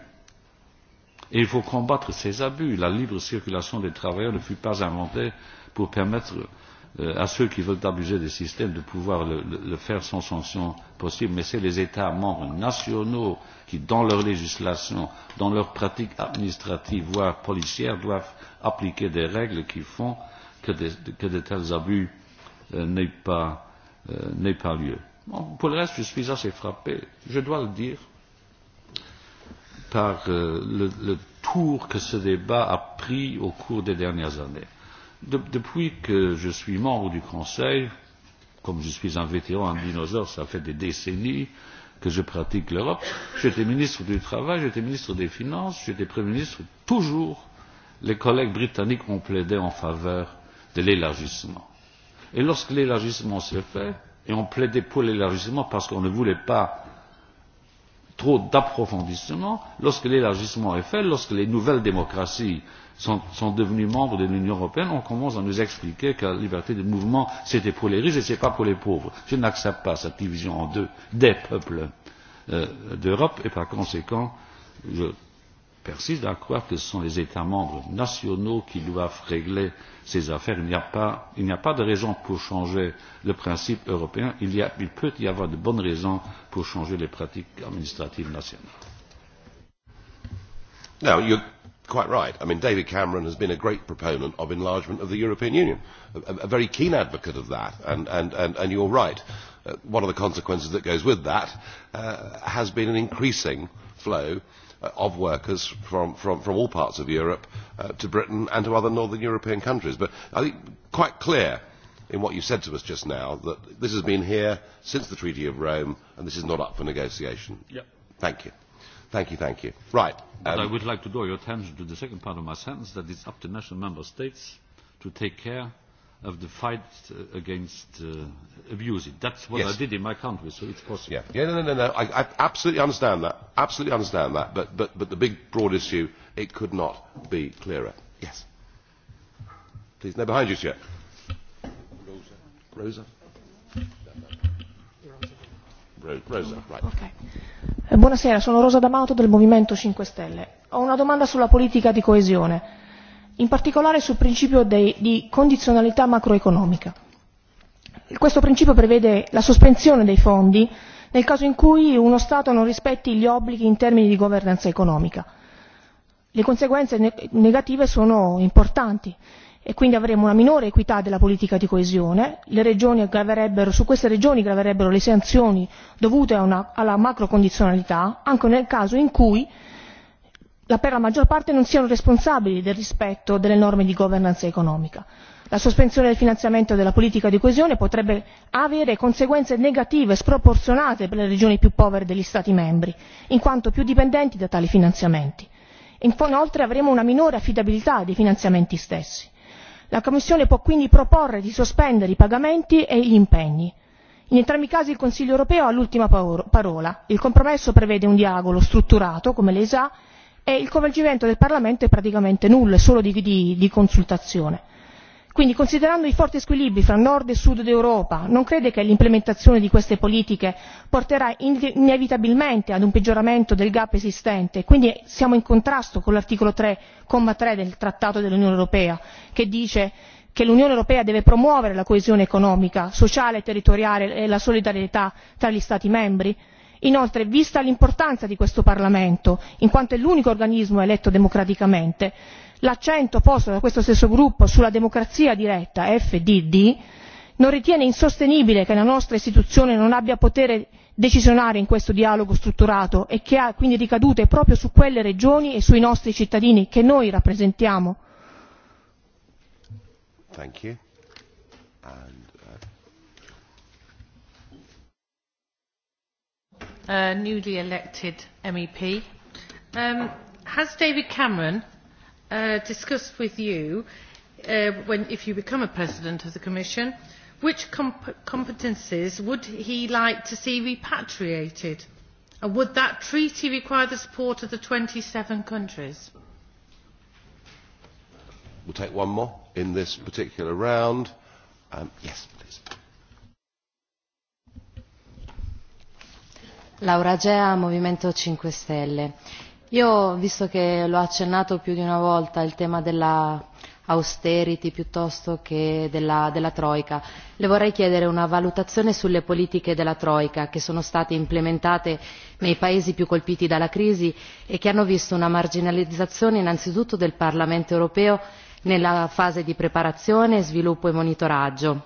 Et il faut combattre ces abus. La libre circulation des travailleurs ne fut pas inventée pour permettre à ceux qui veulent abuser des systèmes de pouvoir le, le, le faire sans sanction possible, mais c'est les États membres nationaux qui, dans leur législation, dans leurs pratiques administratives, voire policières, doivent appliquer des règles qui font que, des, que de tels abus euh, n'aient pas, euh, pas lieu. Bon, pour le reste, je suis assez frappé, je dois le dire, par euh, le, le tour que ce débat a pris au cours des dernières années depuis que je suis membre du Conseil, comme je suis un vétéran, un dinosaure, ça fait des décennies que je pratique l'Europe. J'étais ministre du Travail, j'étais ministre des Finances, j'étais Premier ministre. Toujours, les collègues britanniques ont plaidé en faveur de l'élargissement. Et lorsque l'élargissement s'est fait, et on plaidait pour l'élargissement parce qu'on ne voulait pas trop d'approfondissement, lorsque l'élargissement est fait, lorsque les nouvelles démocraties sont, sont devenus membres de l'Union européenne, on commence à nous expliquer que la liberté de mouvement, c'était pour les riches et ce n'est pas pour les pauvres. Je n'accepte pas cette division en deux des peuples euh, d'Europe et par conséquent, je persiste à croire que ce sont les États membres nationaux qui doivent régler ces affaires. Il n'y a pas, a pas de raison pour changer le principe européen. Il, y a, il peut y avoir de bonnes raisons pour changer les pratiques administratives nationales. Now, you're quite right. I mean, David Cameron has been a great proponent of enlargement of the European Union, a, a very keen advocate of that, and, and, and, and you're right. Uh, one of the consequences that goes with that uh, has been an increasing flow of workers from, from, from all parts of Europe uh, to Britain and to other northern European countries. But I think quite clear in what you said to us just now that this has been here since the Treaty of Rome and this is not up for negotiation. Yep. Thank you. Thank you, thank you. Right. But I would like to draw your attention to the second part of my sentence, that it's up to national member states to take care of the fight against uh, abuse. That's what yes. I did in my country, so it's possible. Yeah, yeah no, no, no, no. I, I absolutely understand that. Absolutely understand that. But, but, but the big, broad issue, it could not be clearer. Yes. Please, no, behind you, sir. Rosa. Rosa. Buonasera, sono Rosa D'Amato del Movimento 5 Stelle. Ho una domanda sulla politica di coesione, in particolare sul principio di condizionalità macroeconomica. Questo principio prevede la sospensione dei fondi nel caso in cui uno Stato non rispetti gli obblighi in termini di governanza economica. Le conseguenze negative sono importanti e quindi avremo una minore equità della politica di coesione su queste regioni graverebbero le sanzioni dovute alla macrocondizionalità anche nel caso in cui per la maggior parte non siano responsabili del rispetto delle norme di governance economica. la sospensione del finanziamento della politica di coesione potrebbe avere conseguenze negative sproporzionate per le regioni più povere degli stati membri in quanto più dipendenti da tali finanziamenti. inoltre avremo una minore affidabilità dei finanziamenti stessi la commissione può quindi proporre di sospendere i pagamenti e gli impegni. in entrambi i casi il consiglio europeo ha l'ultima parola il compromesso prevede un dialogo strutturato come lei sa e il coinvolgimento del parlamento è praticamente nullo è solo di consultazione quindi considerando i forti squilibri fra nord e sud d'europa non crede che l'implementazione di queste politiche porterà inevitabilmente ad un peggioramento del gap esistente e quindi siamo in contrasto con l'articolo tre comma tre del trattato dell'unione europea che dice che l'unione europea deve promuovere la coesione economica sociale e territoriale e la solidarietà tra gli stati membri? inoltre vista l'importanza di questo parlamento in quanto è l'unico organismo eletto democraticamente l'accento posto da questo stesso gruppo sulla democrazia diretta Fdd non ritiene insostenibile che la nostra istituzione non abbia potere decisionale in questo dialogo strutturato e che ha quindi ricadute proprio su quelle regioni e sui nostri cittadini che noi rappresentiamo? discussed with you, uh, when, if you become a president of the Commission, which comp- competences would he like to see repatriated? And would that treaty require the support of the 27 countries? We'll take one more in this particular round. Um, yes, please. Laura Gea, Movimento 5 Stelle io visto che l'ho accennato più di una volta il tema della austerity piuttosto che della, della troika. Le vorrei chiedere una valutazione sulle politiche della troika che sono state implementate nei paesi più colpiti dalla crisi e che hanno visto una marginalizzazione innanzitutto del Parlamento europeo nella fase di preparazione, sviluppo e monitoraggio.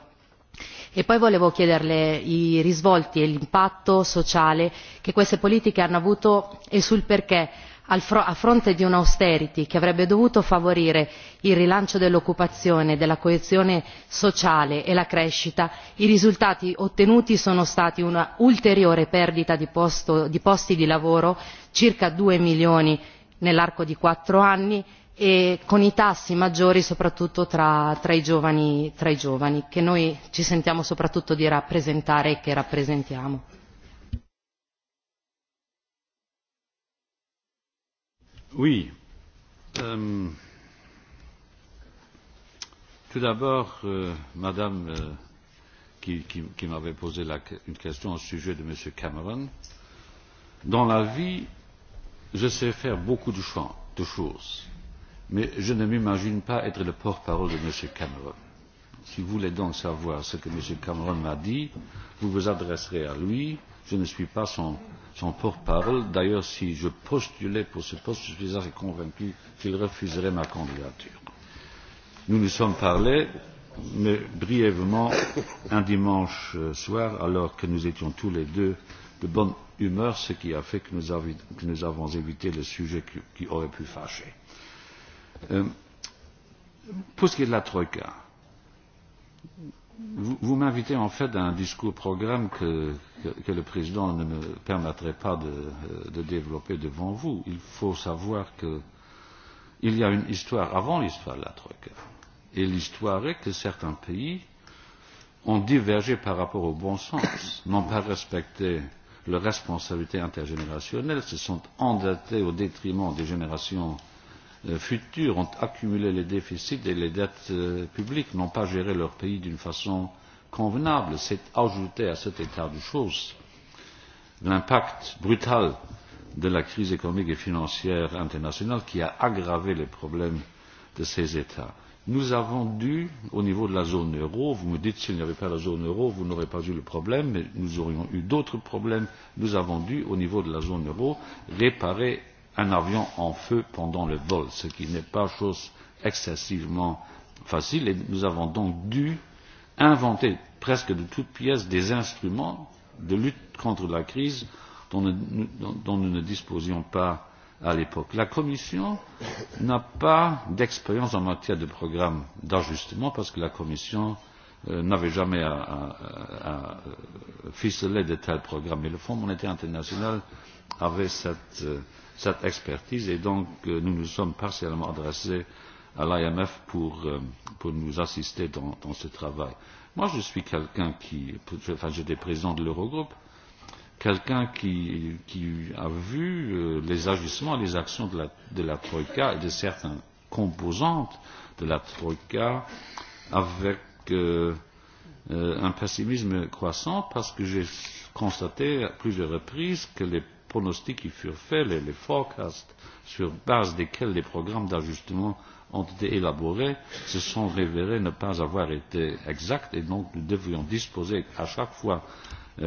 E poi volevo chiederle i risvolti e l'impatto sociale che queste politiche hanno avuto e sul perché a fronte di un austerity che avrebbe dovuto favorire il rilancio dell'occupazione della coesione sociale e la crescita i risultati ottenuti sono stati un'ulteriore perdita di posti di lavoro circa due milioni nell'arco di quattro anni e con i tassi maggiori soprattutto tra i giovani che noi ci sentiamo soprattutto di rappresentare e che rappresentiamo. Oui. tout d'abord, Madame qui, m'avait posé une question au sujet de M. Cameron, dans la vie, je sais faire beaucoup de, choses, mais je ne m'imagine pas être le porte-parole de M. Cameron. Si vous voulez donc savoir ce que M. Cameron m'a dit, vous vous adresserez à lui. Je ne suis pas son son porte-parole. D'ailleurs, si je postulais pour ce poste, je suis assez convaincu qu'il refuserait ma candidature. Nous nous sommes parlé, mais brièvement, un dimanche soir, alors que nous étions tous les deux de bonne humeur, ce qui a fait que nous, av que nous avons évité le sujet qui, qui aurait pu fâcher. Euh, pour ce qui est de la Troïka, Vous, vous m'invitez en fait à un discours programme que, que, que le président ne me permettrait pas de, de développer devant vous. Il faut savoir qu'il y a une histoire avant l'histoire de la Troïka. Et l'histoire est que certains pays ont divergé par rapport au bon sens, n'ont pas respecté leurs responsabilités intergénérationnelles, se sont endettés au détriment des générations futures ont accumulé les déficits et les dettes publiques, n'ont pas géré leur pays d'une façon convenable. C'est ajouter à cet état de choses l'impact brutal de la crise économique et financière internationale qui a aggravé les problèmes de ces États. Nous avons dû, au niveau de la zone euro, vous me dites s'il n'y avait pas la zone euro, vous n'aurez pas eu le problème, mais nous aurions eu d'autres problèmes, nous avons dû, au niveau de la zone euro, réparer un avion en feu pendant le vol, ce qui n'est pas chose excessivement facile. Et nous avons donc dû inventer presque de toutes pièces des instruments de lutte contre la crise dont, nous, dont nous ne disposions pas à l'époque. La Commission n'a pas d'expérience en matière de programme d'ajustement parce que la Commission n'avait jamais à, à, à ficeler de tels programmes. Mais le Fonds monétaire international avait cette euh, cette expertise et donc nous nous sommes partiellement adressés à l'IMF pour, pour nous assister dans, dans ce travail. Moi, je suis quelqu'un qui, enfin, j'étais président de l'Eurogroupe, quelqu'un qui, qui a vu les agissements et les actions de la, de la Troïka et de certaines composantes de la Troïka avec euh, un pessimisme croissant parce que j'ai constaté à plusieurs reprises que les pronostics qui furent faits, les, les forecasts sur base desquels les programmes d'ajustement ont été élaborés se sont révélés ne pas avoir été exacts et donc nous devrions disposer à chaque fois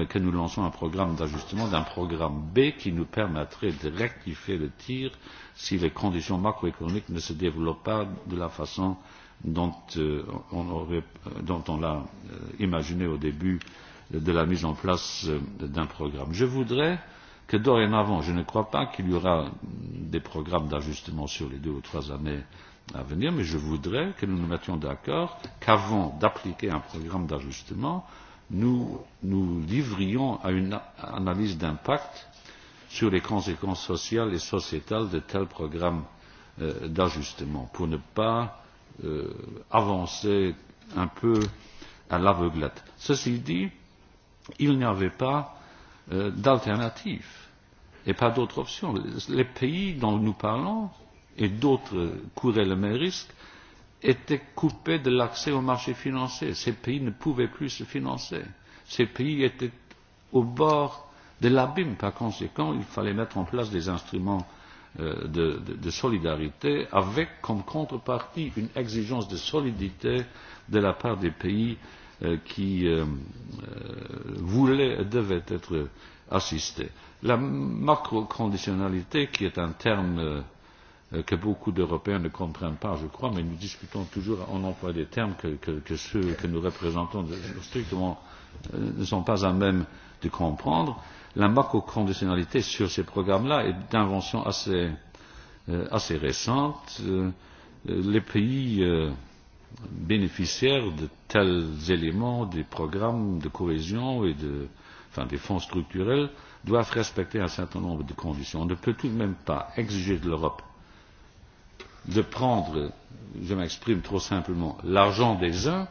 que nous lançons un programme d'ajustement d'un programme B qui nous permettrait de rectifier le tir si les conditions macroéconomiques ne se développent pas de la façon dont, on, aurait, dont on l'a imaginé au début de la mise en place d'un programme. Je voudrais euh, que dorénavant, je ne crois pas qu'il y aura des programmes d'ajustement sur les deux ou trois années à venir, mais je voudrais que nous nous mettions d'accord qu'avant d'appliquer un programme d'ajustement, nous nous livrions à une analyse d'impact sur les conséquences sociales et sociétales de tels programmes euh, d'ajustement pour ne pas euh, avancer un peu à l'aveuglette. Ceci dit, il n'y avait pas d'alternative et pas d'autre option. Les pays dont nous parlons et d'autres couraient le même risque étaient coupés de l'accès aux marchés financiers. Ces pays ne pouvaient plus se financer. Ces pays étaient au bord de l'abîme. Par conséquent, il fallait mettre en place des instruments de, de, de solidarité avec comme contrepartie une exigence de solidité de la part des pays euh, qui voulaient et devaient être assistés. La macroconditionnalité, qui est un terme que beaucoup d'Européens ne comprennent pas, je crois, mais nous discutons toujours, on emploie des termes que, que, que ceux que nous représentons strictement ne sont pas à même de comprendre. La macroconditionnalité sur ces programmes-là est d'invention assez, assez récente. les pays bénéficiaires de tels éléments des programmes de cohésion et de, enfin, des fonds structurels doivent respecter un certain nombre de conditions. On ne peut tout de même pas exiger de l'Europe de prendre, je m'exprime trop simplement, l'argent des uns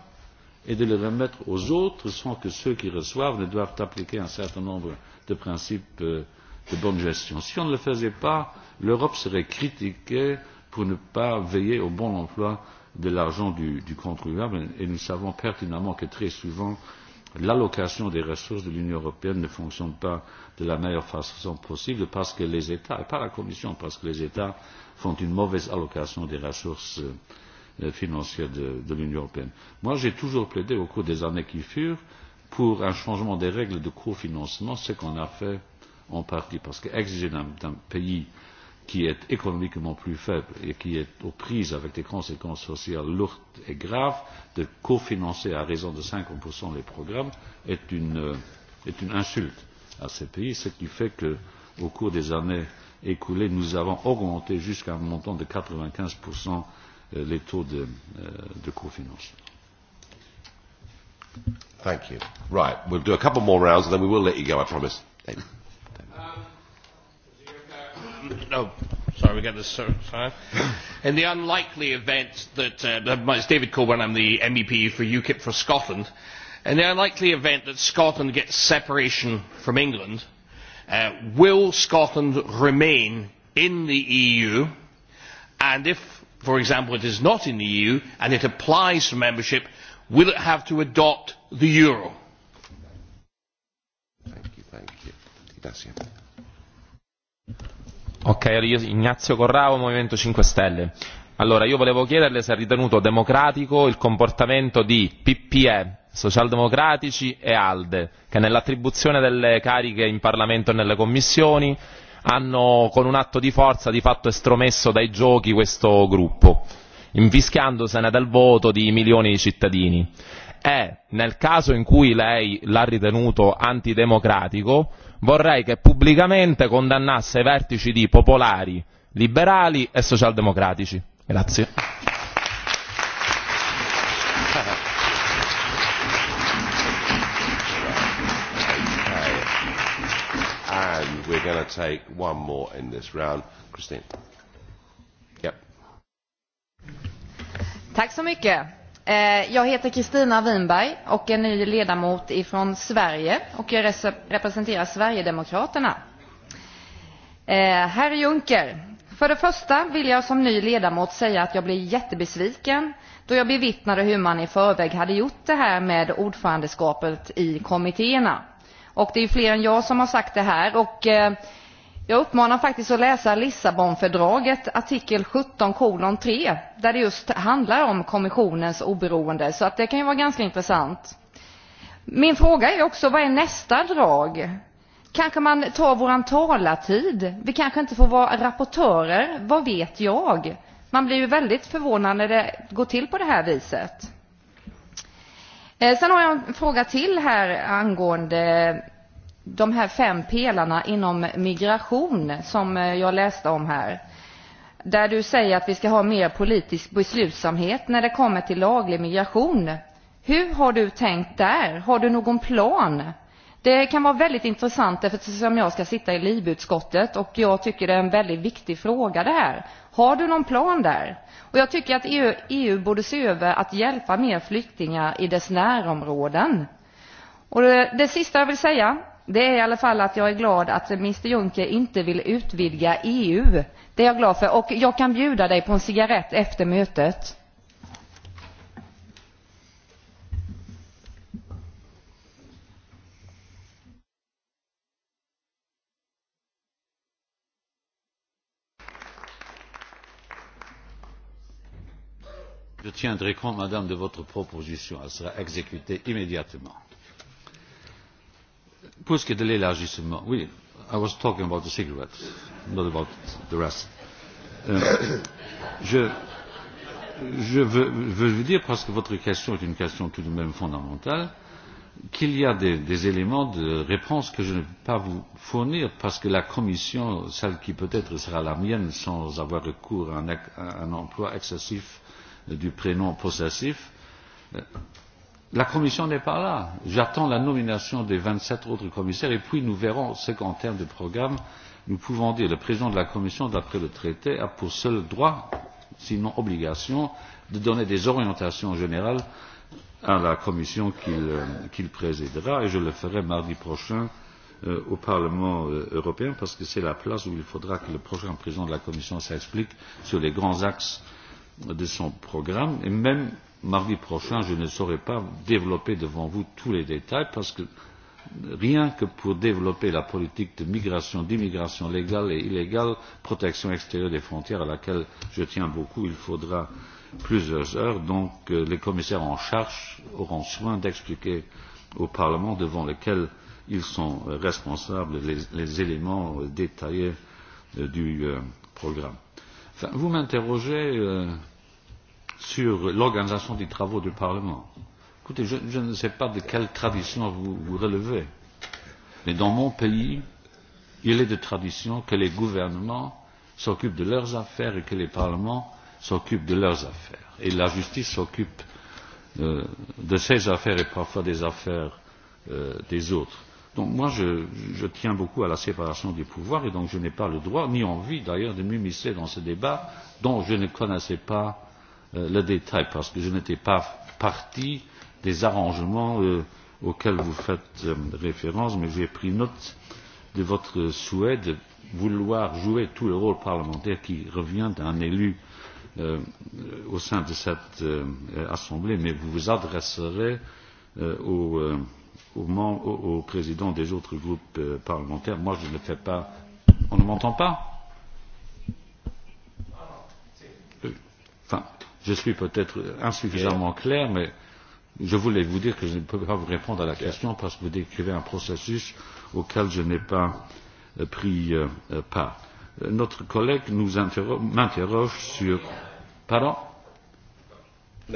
et de le remettre aux autres sans que ceux qui reçoivent ne doivent appliquer un certain nombre de principes de bonne gestion. Si on ne le faisait pas, l'Europe serait critiquée pour ne pas veiller au bon emploi de l'argent du, du contribuable et nous savons pertinemment que très souvent l'allocation des ressources de l'Union européenne ne fonctionne pas de la meilleure façon possible parce que les États, et pas la Commission, parce que les États font une mauvaise allocation des ressources financières de, de l'Union européenne. Moi, j'ai toujours plaidé au cours des années qui furent pour un changement des règles de cofinancement, ce qu'on a fait en partie, parce qu'exiger d'un pays qui est économiquement plus faible et qui est aux prises avec des conséquences sociales lourdes et graves, de cofinancer à raison de 50% les programmes est une, est une insulte à ces pays, ce qui fait que, au cours des années écoulées, nous avons augmenté jusqu'à un montant de 95% les taux de, de cofinancement. Thank you. Right, we'll do a couple more rounds and then we will let you go, I promise. David. Um, sorry, we this time. In the unlikely event that, uh, it's David Coburn, I'm the MEP for UKIP for Scotland. In the unlikely event that Scotland gets separation from England, uh, will Scotland remain in the EU? And if, for example, it is not in the EU and it applies for membership, will it have to adopt the euro? Thank you, thank you. Gracias. Ok, io Ignazio Corravo Movimento 5 Stelle. Allora, io volevo chiederle se ha ritenuto democratico il comportamento di PPE, Socialdemocratici e ALDE, che nell'attribuzione delle cariche in Parlamento e nelle commissioni hanno con un atto di forza di fatto estromesso dai giochi questo gruppo, infischiandosene del voto di milioni di cittadini e nel caso in cui lei l'ha ritenuto antidemocratico vorrei che pubblicamente condannasse i vertici di popolari liberali e socialdemocratici. we're going to take one more in this round. Christine. Yep. Jag heter Kristina Winberg och är ny ledamot från Sverige och jag representerar Sverigedemokraterna. Herr Juncker, för det första vill jag som ny ledamot säga att jag blev jättebesviken då jag bevittnade hur man i förväg hade gjort det här med ordförandeskapet i kommittéerna. Det är fler än jag som har sagt det här. och jag uppmanar faktiskt att läsa lissabonfördraget artikel 17 3 där det just handlar om kommissionens oberoende så att det kan ju vara ganska intressant. Min fråga är också vad är nästa drag? Kanske man tar våran talartid? Vi kanske inte får vara rapportörer, vad vet jag? Man blir ju väldigt förvånad när det går till på det här viset. Sen har jag en fråga till här angående de här fem pelarna inom migration som jag läste om här. Där du säger att vi ska ha mer politisk beslutsamhet när det kommer till laglig migration. Hur har du tänkt där? Har du någon plan? Det kan vara väldigt intressant eftersom jag ska sitta i livutskottet och jag tycker det är en väldigt viktig fråga det här. Har du någon plan där? Och jag tycker att EU, EU borde se över att hjälpa mer flyktingar i dess närområden. Och det, det sista jag vill säga det är i alla fall att jag är glad att Mr Juncker inte vill utvidga EU. Det är jag glad för. Och jag kan bjuda dig på en cigarett efter mötet. Je tiendrai compte, madame, de votre proposition. Elle sera exécutée immédiatement. Pour ce qui est de l'élargissement, justement, oui, I was talking about the cigarettes, not about the rest. je, je veux, veux vous dire, parce que votre question est une question tout de même fondamentale, qu'il y a des, des éléments de réponse que je ne peux pas vous fournir parce que la commission, celle qui peut-être sera la mienne sans avoir recours à un, à un emploi excessif du prénom possessif, La Commission n'est pas là. J'attends la nomination des vingt sept autres commissaires et puis nous verrons ce qu'en termes de programme nous pouvons dire. Le président de la Commission, d'après le traité, a pour seul droit, sinon obligation, de donner des orientations générales à la Commission qu'il présidera et je le ferai mardi prochain au Parlement européen parce que c'est la place où il faudra que le prochain président de la Commission s'explique sur les grands axes de son programme et même mardi prochain, je ne saurais pas développer devant vous tous les détails parce que rien que pour développer la politique de migration, d'immigration légale et illégale, protection extérieure des frontières à laquelle je tiens beaucoup, il faudra plusieurs heures. Donc les commissaires en charge auront soin d'expliquer au Parlement devant lequel ils sont responsables les, éléments détaillés du programme. Enfin, vous m'interrogez sur l'organisation des travaux du Parlement. Écoutez, je, je ne sais pas de quelle tradition vous, vous relevez, mais dans mon pays, il est de tradition que les gouvernements s'occupent de leurs affaires et que les parlements s'occupent de leurs affaires. Et la justice s'occupe euh, de ses affaires et parfois des affaires euh, des autres. Donc moi, je, je tiens beaucoup à la séparation des pouvoirs et donc je n'ai pas le droit, ni envie d'ailleurs, de m'immiscer dans ce débat dont je ne connaissais pas le détail parce que je n'étais pas partie des arrangements auxquels vous faites référence, mais j'ai pris note de votre souhait de vouloir jouer tout le rôle parlementaire qui revient d'un élu élu au sein de cette Assemblée, mais vous vous adresserez aux, au présidents des autres groupes parlementaires. Moi, je ne fais pas. On ne m'entend pas Enfin, Je suis peut-être insuffisamment clair, mais je voulais vous dire que je ne peux pas vous répondre à la question parce que vous décrivez un processus auquel je n'ai pas pris part. Notre collègue nous m'interroge sur. Pardon uh,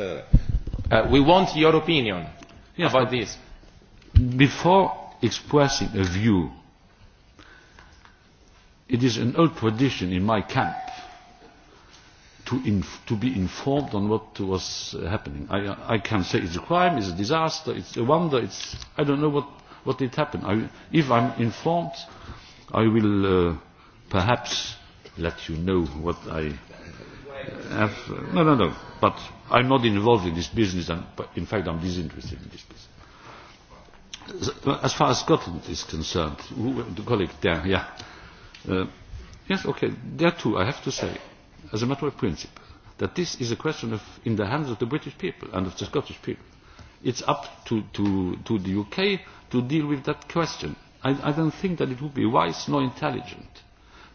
We want your opinion yes, about this. Before expressing a view, it is an old tradition in my camp to, inf- to be informed on what was happening. I, I can say it's a crime, it's a disaster, it's a wonder, it's, I don't know what, what did happen. I, if I'm informed, I will uh, perhaps let you know what I have. No, no, no. But I'm not involved in this business. And in fact, I'm disinterested in this business. As far as Scotland is concerned, the colleague there, yeah. Uh, yes, okay. There too, I have to say as a matter of principle, that this is a question of, in the hands of the British people and of the Scottish people. It's up to, to, to the UK to deal with that question. I, I don't think that it would be wise nor intelligent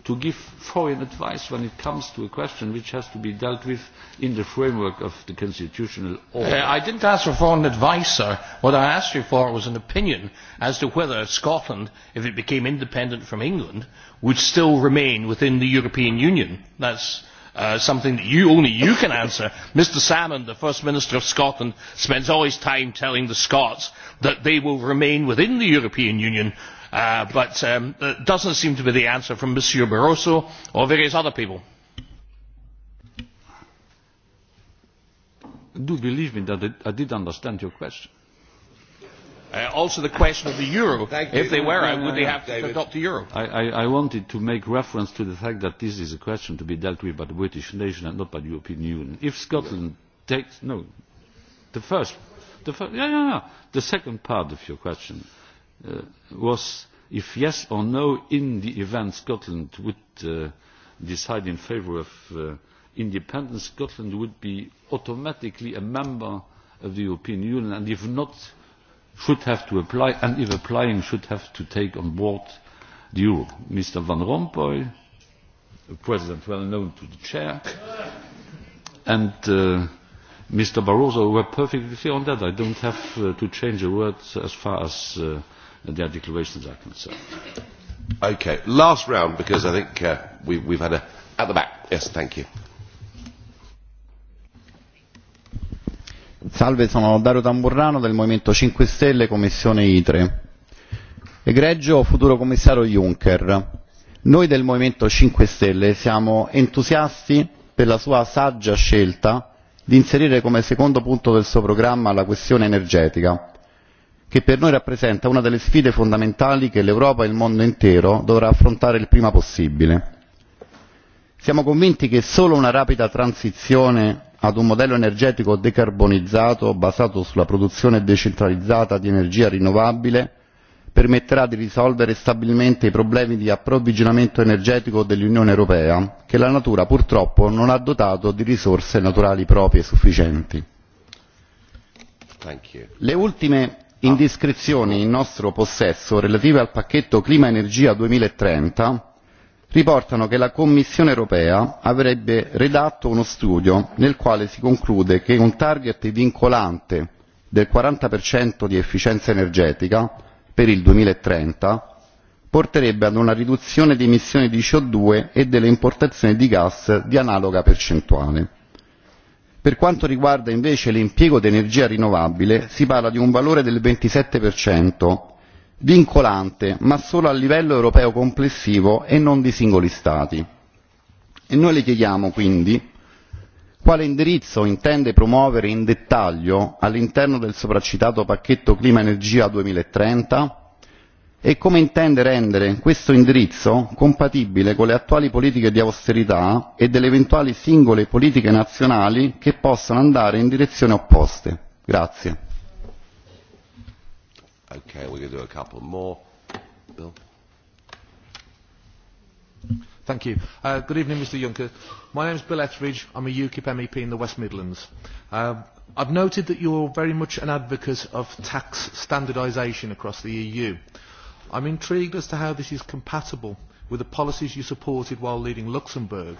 to give foreign advice when it comes to a question which has to be dealt with in the framework of the constitutional order. Uh, I didn't ask for foreign advice, sir. What I asked you for was an opinion as to whether Scotland, if it became independent from England, would still remain within the European Union. That's something that only you can answer. mr salmon the first minister of scotland spends all his time telling the scots that they will remain within the european union but that does not seem to be the answer from mr barroso or various other people. do believe me that i did understand your question. Uh, also the question of the euro. if they were out, would they have to adopt the euro? I, I, I wanted to make reference to the fact that this is a question to be dealt with by the British nation and not by the European Union. If Scotland takes... No, the first... The, first, yeah, yeah, yeah. the second part of your question uh, was if yes or no, in the event Scotland would uh, decide in favour of uh, independence, Scotland would be automatically a member of the European Union, and if not, should have to apply, and if applying, should have to take on board the euro. Mr. Van Rompuy, a president well known to the chair, and uh, Mr. Barroso were perfectly clear on that. I don't have uh, to change a word as far as uh, their declarations are concerned. Okay, last round because I think uh, we, we've had a at the back. Yes, thank you. Salve, sono Dario Tamburrano del Movimento 5 Stelle, Commissione ITRE. Egregio futuro commissario Juncker, noi del Movimento 5 Stelle siamo entusiasti per la sua saggia scelta di inserire come secondo punto del suo programma la questione energetica, che per noi rappresenta una delle sfide fondamentali che l'Europa e il mondo intero dovrà affrontare il prima possibile. Siamo convinti che solo una rapida transizione ad un modello energetico decarbonizzato basato sulla produzione decentralizzata di energia rinnovabile permetterà di risolvere stabilmente i problemi di approvvigionamento energetico dell'unione europea che la natura purtroppo non ha dotato di risorse naturali proprie sufficienti. le ultime indiscrezioni in nostro possesso relative al pacchetto clima energia duemilatrenta riportano che la commissione europea avrebbe redatto uno studio nel quale si conclude che un target vincolante del quaranta di efficienza energetica per il duemilatrenta porterebbe ad una riduzione di emissioni di co due e delle importazioni di gas di analoga percentuale. per quanto riguarda invece l'impiego di energia rinnovabile si parla di un valore del ventisette vincolante ma solo a livello europeo complessivo e non di singoli stati e noi le chiediamo quindi quale indirizzo intende promuovere in dettaglio all'interno del sopracitato pacchetto clima energia duemilatrenta e come intende rendere questo indirizzo compatibile con le attuali politiche di austerità e delle eventuali singole politiche nazionali che possono andare in direzioni opposte. Okay, we're going to do a couple more. Bill? Thank you. Uh, good evening, Mr Juncker. My name is Bill Etheridge. I'm a UKIP MEP in the West Midlands. Uh, I've noted that you're very much an advocate of tax standardisation across the EU. I'm intrigued as to how this is compatible with the policies you supported while leading Luxembourg,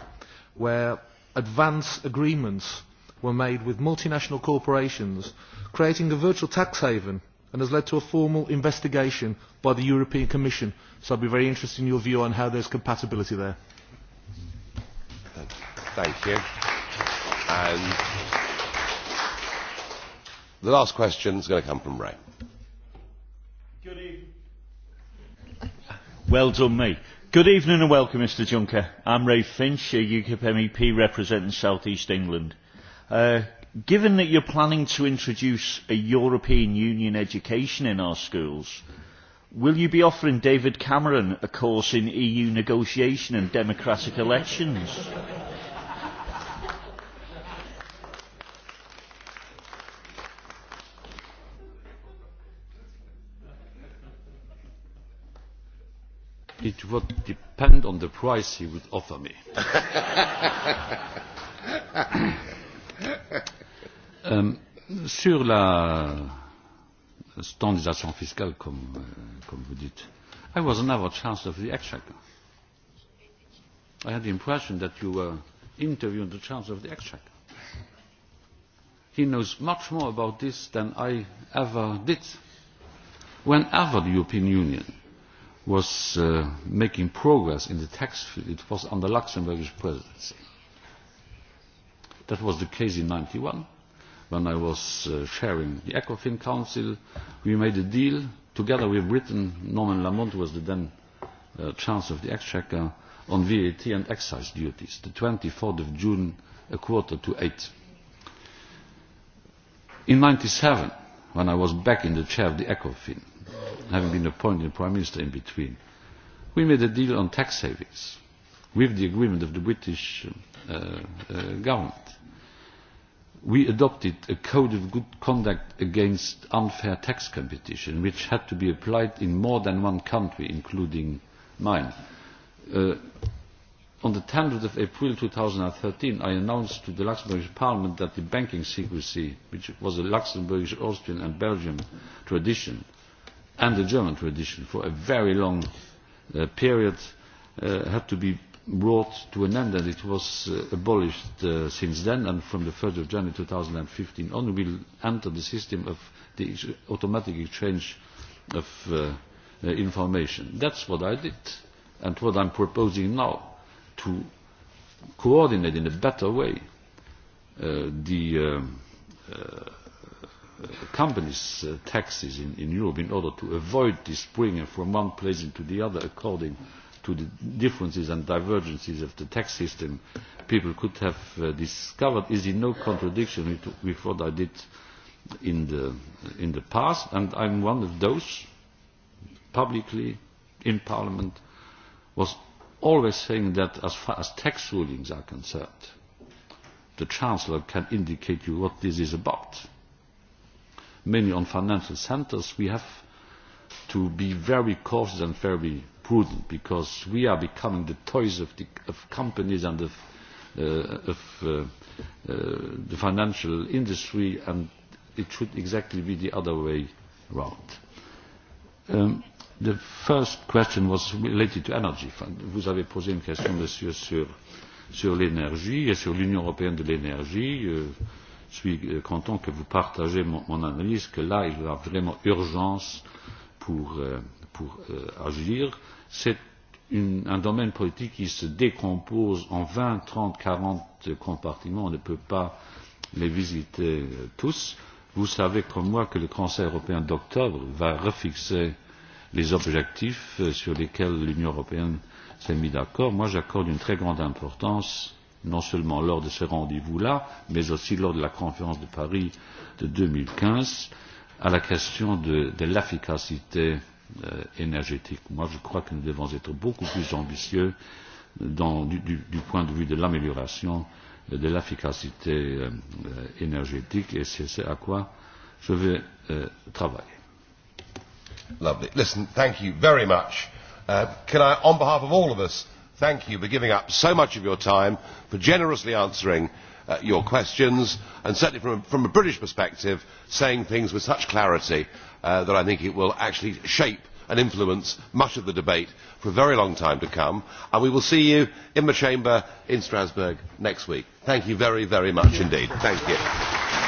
where advance agreements were made with multinational corporations, creating a virtual tax haven and has led to a formal investigation by the European Commission. So I would be very interested in your view on how there is compatibility there. Thank you. And the last question is going to come from Ray. Good evening. Well done, me. Good evening and welcome, Mr Juncker. I'm Ray Finch, a UKIP MEP representing South East England. Uh, given that you're planning to introduce a European Union education in our schools, will you be offering David Cameron a course in EU negotiation and democratic elections? It would depend on the price he would offer me sur la standardisation fiscale, comme, comme vous dites, I was never chancellor of the Exchequer. I had the impression that you were interviewing the chancellor of the Exchequer. He knows much more about this than I ever did. Whenever the European Union was uh, making progress in the tax field, it was under Luxembourgish presidency. That was the case in 91 when I was uh, chairing the ECOFIN Council, we made a deal together with Britain, Norman Lamont was the then uh, chancellor of the Exchequer, on VAT and excise duties, the 24th of June, a quarter to eight. In 97, when I was back in the chair of the ECOFIN, having been appointed Prime Minister in between, we made a deal on tax savings with the agreement of the British uh, uh, government we adopted a code of good conduct against unfair tax competition, which had to be applied in more than one country, including mine. Uh, on the 10th of April 2013, I announced to the Luxembourgish Parliament that the banking secrecy, which was a Luxembourgish, Austrian and Belgian tradition, and a German tradition for a very long uh, period, uh, had to be brought to an end and it was uh, abolished uh, since then and from the 1st of January 2015 on will enter the system of the automatic exchange of uh, uh, information. That's what I did and what I'm proposing now to coordinate in a better way uh, the uh, uh, companies' uh, taxes in, in Europe in order to avoid this bringing from one place into the other according to the differences and divergences of the tax system people could have uh, discovered is in no contradiction with, what I did in the, in the past. And I'm one of those, publicly, in Parliament, was always saying that as far as tax rulings are concerned, the Chancellor can indicate you what this is about. Mainly on financial centres, we have to be very cautious and very prudent because we are becoming the toys of, the, of companies and of, uh, of uh, uh, the financial industry and it should exactly be the other way around. Um, the first question was related to energy. Vous avez posé une question, monsieur, sur, sur l'énergie et sur l'Union européenne de l'énergie. je suis content que vous partagez mon, mon analyse que là, il y a vraiment urgence pour, pour euh, agir. Euh, c'est un domaine politique qui se décompose en vingt, trente, quarante compartiments. On ne peut pas les visiter tous. Vous savez comme moi que le Conseil européen d'octobre va refixer les objectifs sur lesquels l'Union européenne s'est mise d'accord. Moi, j'accorde une très grande importance, non seulement lors de ce rendez-vous-là, mais aussi lors de la conférence de Paris de deux mille quinze, à la question de, l'efficacité énergétique. Moi, je crois que nous devons être beaucoup plus ambitieux dans, du, du, du point de vue de l'amélioration de l'efficacité euh, énergétique et c'est ce à quoi je vais euh, travailler. Lovely. Listen, thank you very much. Uh, can I, on behalf of all of us, thank you for giving up so much of your time, for generously answering uh, your questions, and certainly from a, from a British perspective, saying things with such clarity that I think it will actually shape and influence much of the debate for a very long time to come. And we will see you in the chamber in Strasbourg next week. Thank you very, very much indeed. Thank you.